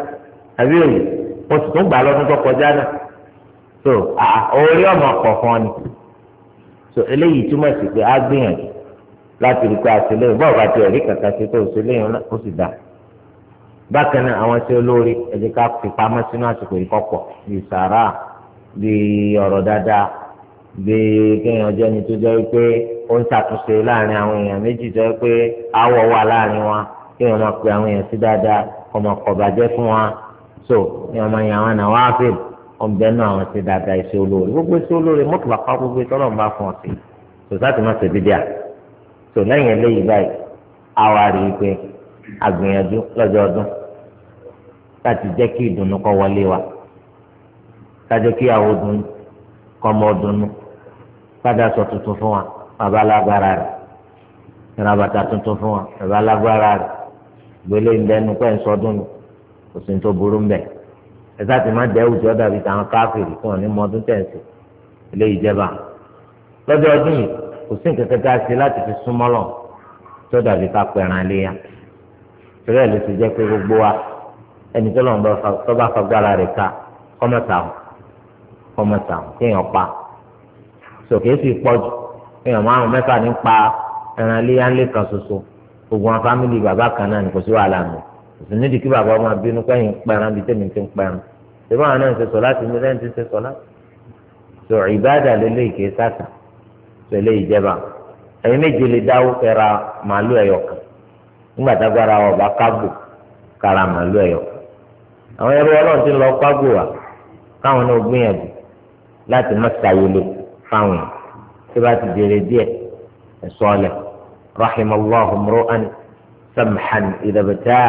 àbí òye wọ́n sì tún gbà lọ́dún tó kọjá náà so orí ọmọ kọ̀ọ̀kan ni so eléyìí túmọ̀ sí pé á gbìyànjú láti rí pé àtìlẹ́yìn bọ́ọ̀ bá ti ẹ̀rí kàkà sí pé òṣèléyìn ó sì dá bákan náà àwọn tí ó lórí ẹ̀jẹ̀ ká fi pamọ́ sínú àsìkò ìkọ̀pọ̀ bíi sàrà bíi ọ̀rọ̀ dáadáa bíi kéèyàn jẹ́ni tó jẹ́ pé ó ń ṣàtúnṣe láàrin àwọn èèyàn méjì jẹ́ pé áwọ̀ wà láàrin wọn kí wọn máa pe àwọn èèyàn sí dáadáa kó máa fún wa so kí wọn máa yan àwọn àwọn àfẹ ọ̀nbẹ náà àwọn sí dáadáa iṣẹ́ olóore gbogbo iṣẹ́ olóore mọ́tò bàbá gbogbo ìtọ́lọ̀ ń fún ọ sí so sáà ti má ṣe bídíà so lẹ́yìn eléyìí báyìí àwa rí i pé àgbìyànjú lọ́jọ́ ọdún láti jẹ́ kí ìdùnnú kó wọlé wa kájọ kí àwọn dùn kọ́ ọmọ dùnnú kájà sọ tuntun fún wa bàbá lágbára rẹ̀ ìràbàtà tuntun fún wa bàbá lágbára rẹ̀ gbélé ńlẹ́nu pẹ́ ń sọdún ni kò sí ní tó burú mbẹ́ ẹ sáàtì má dẹ́ òjò dàbí tàwọn káfíìrì fún ọ ní mọ́dún tẹ̀sí ilé ìjẹba lọ́jọ́ ọdún yìí kò sí nǹkan kẹta ṣe láti fi súnmọ́ lọ tó dàbí ká pẹ̀ràn léyà torí ẹ̀ ló ti jẹ́ pé gbogbo wa ẹni tó lọ́n tó bá fagbára rẹ̀ ká kọ́mọ̀tà kọ́mọ̀tà kéèyàn pa sòkè sì pọ̀jù kéèyàn márùn mẹ́fà ní pa ẹran léyà ńlẹ́ kan ṣoṣo gbogbo wọn fámìlì bàbá kan náà ní kò sí wàhálà nù kò sí nídìí kí bàbá ọmọ abínú kẹ́yìn pẹran bíi tẹmí ti ń pẹran ṣé báwọn náà ń ṣe sọ láti mi lẹ́yìn tí ń ṣe sọ láti sọ ìbáàdà lélẹ̀ ìké sáta sọ ilé ìjẹba ẹ̀yin méje lè dáwó kẹra màálù ẹyọ kan nígbà tágbára ọba kágbò kara màálù ẹyọ kan àwọn ẹrú Ọlọ́run ti lọ kágbò wa káwọn náà gbìyànjú láti má ṣàyẹlẹ fáwọn tí رحم الله امرؤا سمحا إذا بتاع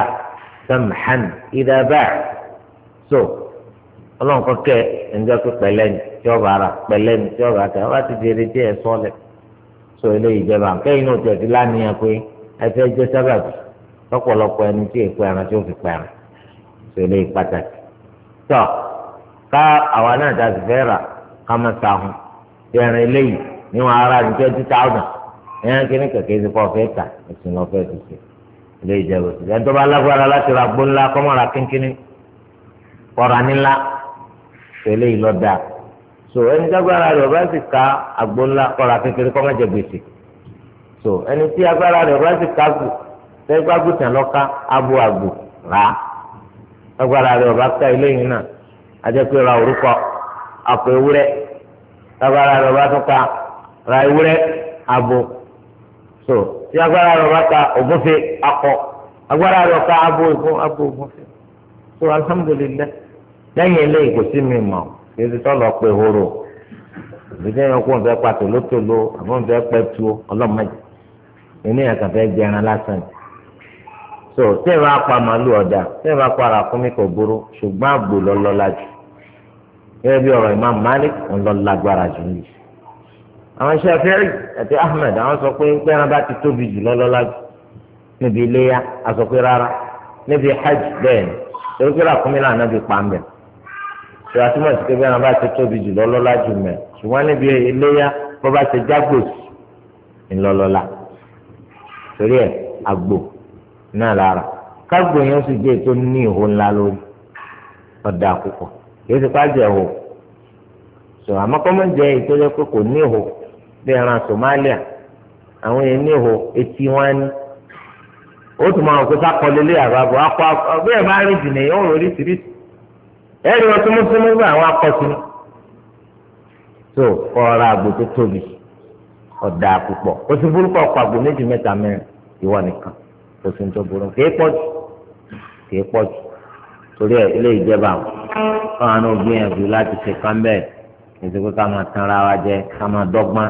سمحا إذا باع so ọlọ́run kọ́kẹ́ ẹ̀ǹjẹ́ pé pẹ̀lẹ́ ni tí ọba ara pẹ̀lẹ́ ni tí ọba ata ọba ti di eréje ẹ̀ sọ́lẹ̀ so eléyìí jẹba kẹ́yìn náà tẹ̀ sí lánìyàn pé ẹ̀fẹ́ jẹ́ sábàbí lọ́pọ̀lọpọ̀ ẹni tí èkó ẹran tí ó fi pa ẹran so eléyìí pàtàkì tọ́ ká àwa náà ta sì fẹ́ rà ká má ta hun bí ẹran eléyìí níwọ̀n ara ní twenty thousand ẹ̀yàn kìíní kẹ̀kẹ́ ti kọ́ ọ̀fẹ́ ta ẹ̀sìn lọ fẹ́ ti ṣe ilé ìjẹun ti ẹ̀dọ́ bá lágbára láti ra gbó ńlá kọ́mọ́ra kínkínní kọ́ra nílá tẹ̀lé ìlọ́dà so ẹni dágbára rẹ̀ ọba sì ka àgbo ńlá kọ́ra kékeré kọ́mọ́ jẹ gbèsè so ẹni tí agbára rẹ̀ ọba sì ka gù tẹ́gbà gùtàn lọ́ka abo àgbò rà á dágbára rẹ̀ ọba ka eléyìí náà adẹ́pẹ́ ra orúkọ àpò ewúrẹ́ dágbára rẹ̀ ọba tó ka ra ewúrẹ́ abo so tí agbára rẹ̀ bá ka ògúnfe akọ agbára rẹ̀ ka abo ògún abo ògúnfe so alhamdulilayi lẹ́yìn eléyìí kò sí mi mọ̀ èsì tó lọ pé horo ìdílé yẹn kó n fẹ́ pa tòlótòló àbọ̀ n fẹ́ pẹ́ tu ọlọ́mọdé ìní yẹn kàn fẹ́ jẹran lásán so tí ẹ bá pa màálù ọ̀dà tí ẹ bá pa ara fún mi kò burú ṣùgbọ́n àgbò lọ́lọ́lá jù gẹ́gẹ́ bí ọ̀rọ̀ Imam Malik ń lọ jù nìyí àwọn Ṣafi'i àti Ahmed àwọn sọ pé pẹ́ẹ́rán bá ti tóbi jù lọ́lọ́lá jù níbi iléyà àsọ pé rárá níbi hajj bẹ́ẹ̀ ni torí pé ràkúnmílà náà fi pa mbẹ̀ ṣe àtúmọ̀ sí pé pẹ́ẹ́rán bá ti tóbi jù lọ́lọ́lá jù mẹ́ ṣùgbọ́n níbi iléyà bó bá ti jágbòsì ńlọ́lọ́lá torí ẹ̀ àgbò náà lára kágbò yẹn sì jẹ́ ètò ní ìhó ńlá lórí ọ̀dà àkókò kì í ti pàjẹ́ ìhó sọ àmọ́ kọ́mọ́ jẹ́ ètò pé kò ní ìhó bí ẹran Somalia àwọn yẹn ní ihò etí wọn ni ó tún máa kó sákọlélé àbábọ̀ akọ bí ẹ bá rí jìnnà yẹn ó rò rí tìrí ẹ̀rí wọn tó mú sínú gbà àwọn akọ̀sínú tó kọ́ ọ̀rá àgbò tó tóbi ọ̀dà púpọ̀ ó sì burúkú ọ̀pọ̀ àgbò méjì mẹ́ta mẹ́rin ìwọ nìkan kò sí ní tó burú kéé pọ̀ jù kéé pọ̀ jù torí ẹ̀ ilé ìjẹba wọn àwọn ọ̀gbìn ẹ̀gbìn láti ṣe kánbẹ́ẹ̀ nítorí ká máa tanra wa jẹ ká máa dọ́gbọ́n.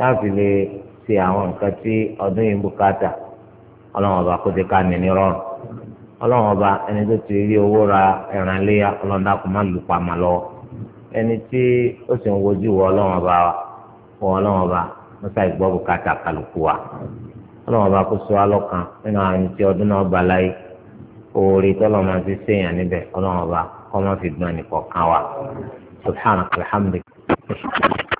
láti lè ṣe àwọn nǹkan tí ọdún yìí ń bùkátà ọlọ́run ọba kó ti ká ní ní rọrùn ọlọ́run ọba ẹni tó ti rí owó ra ẹran léyà ọlọ́run dákun má lù pa mà lọ́wọ́ ẹni tí ó sì ń wojú wọ ọlọ́run ọba wọ ọlọ́run ọba mọ́tà ìgbọ́ bùkátà kálukú wa ọlọ́run ọba kó sọ alọ́kan nínú àwọn ẹni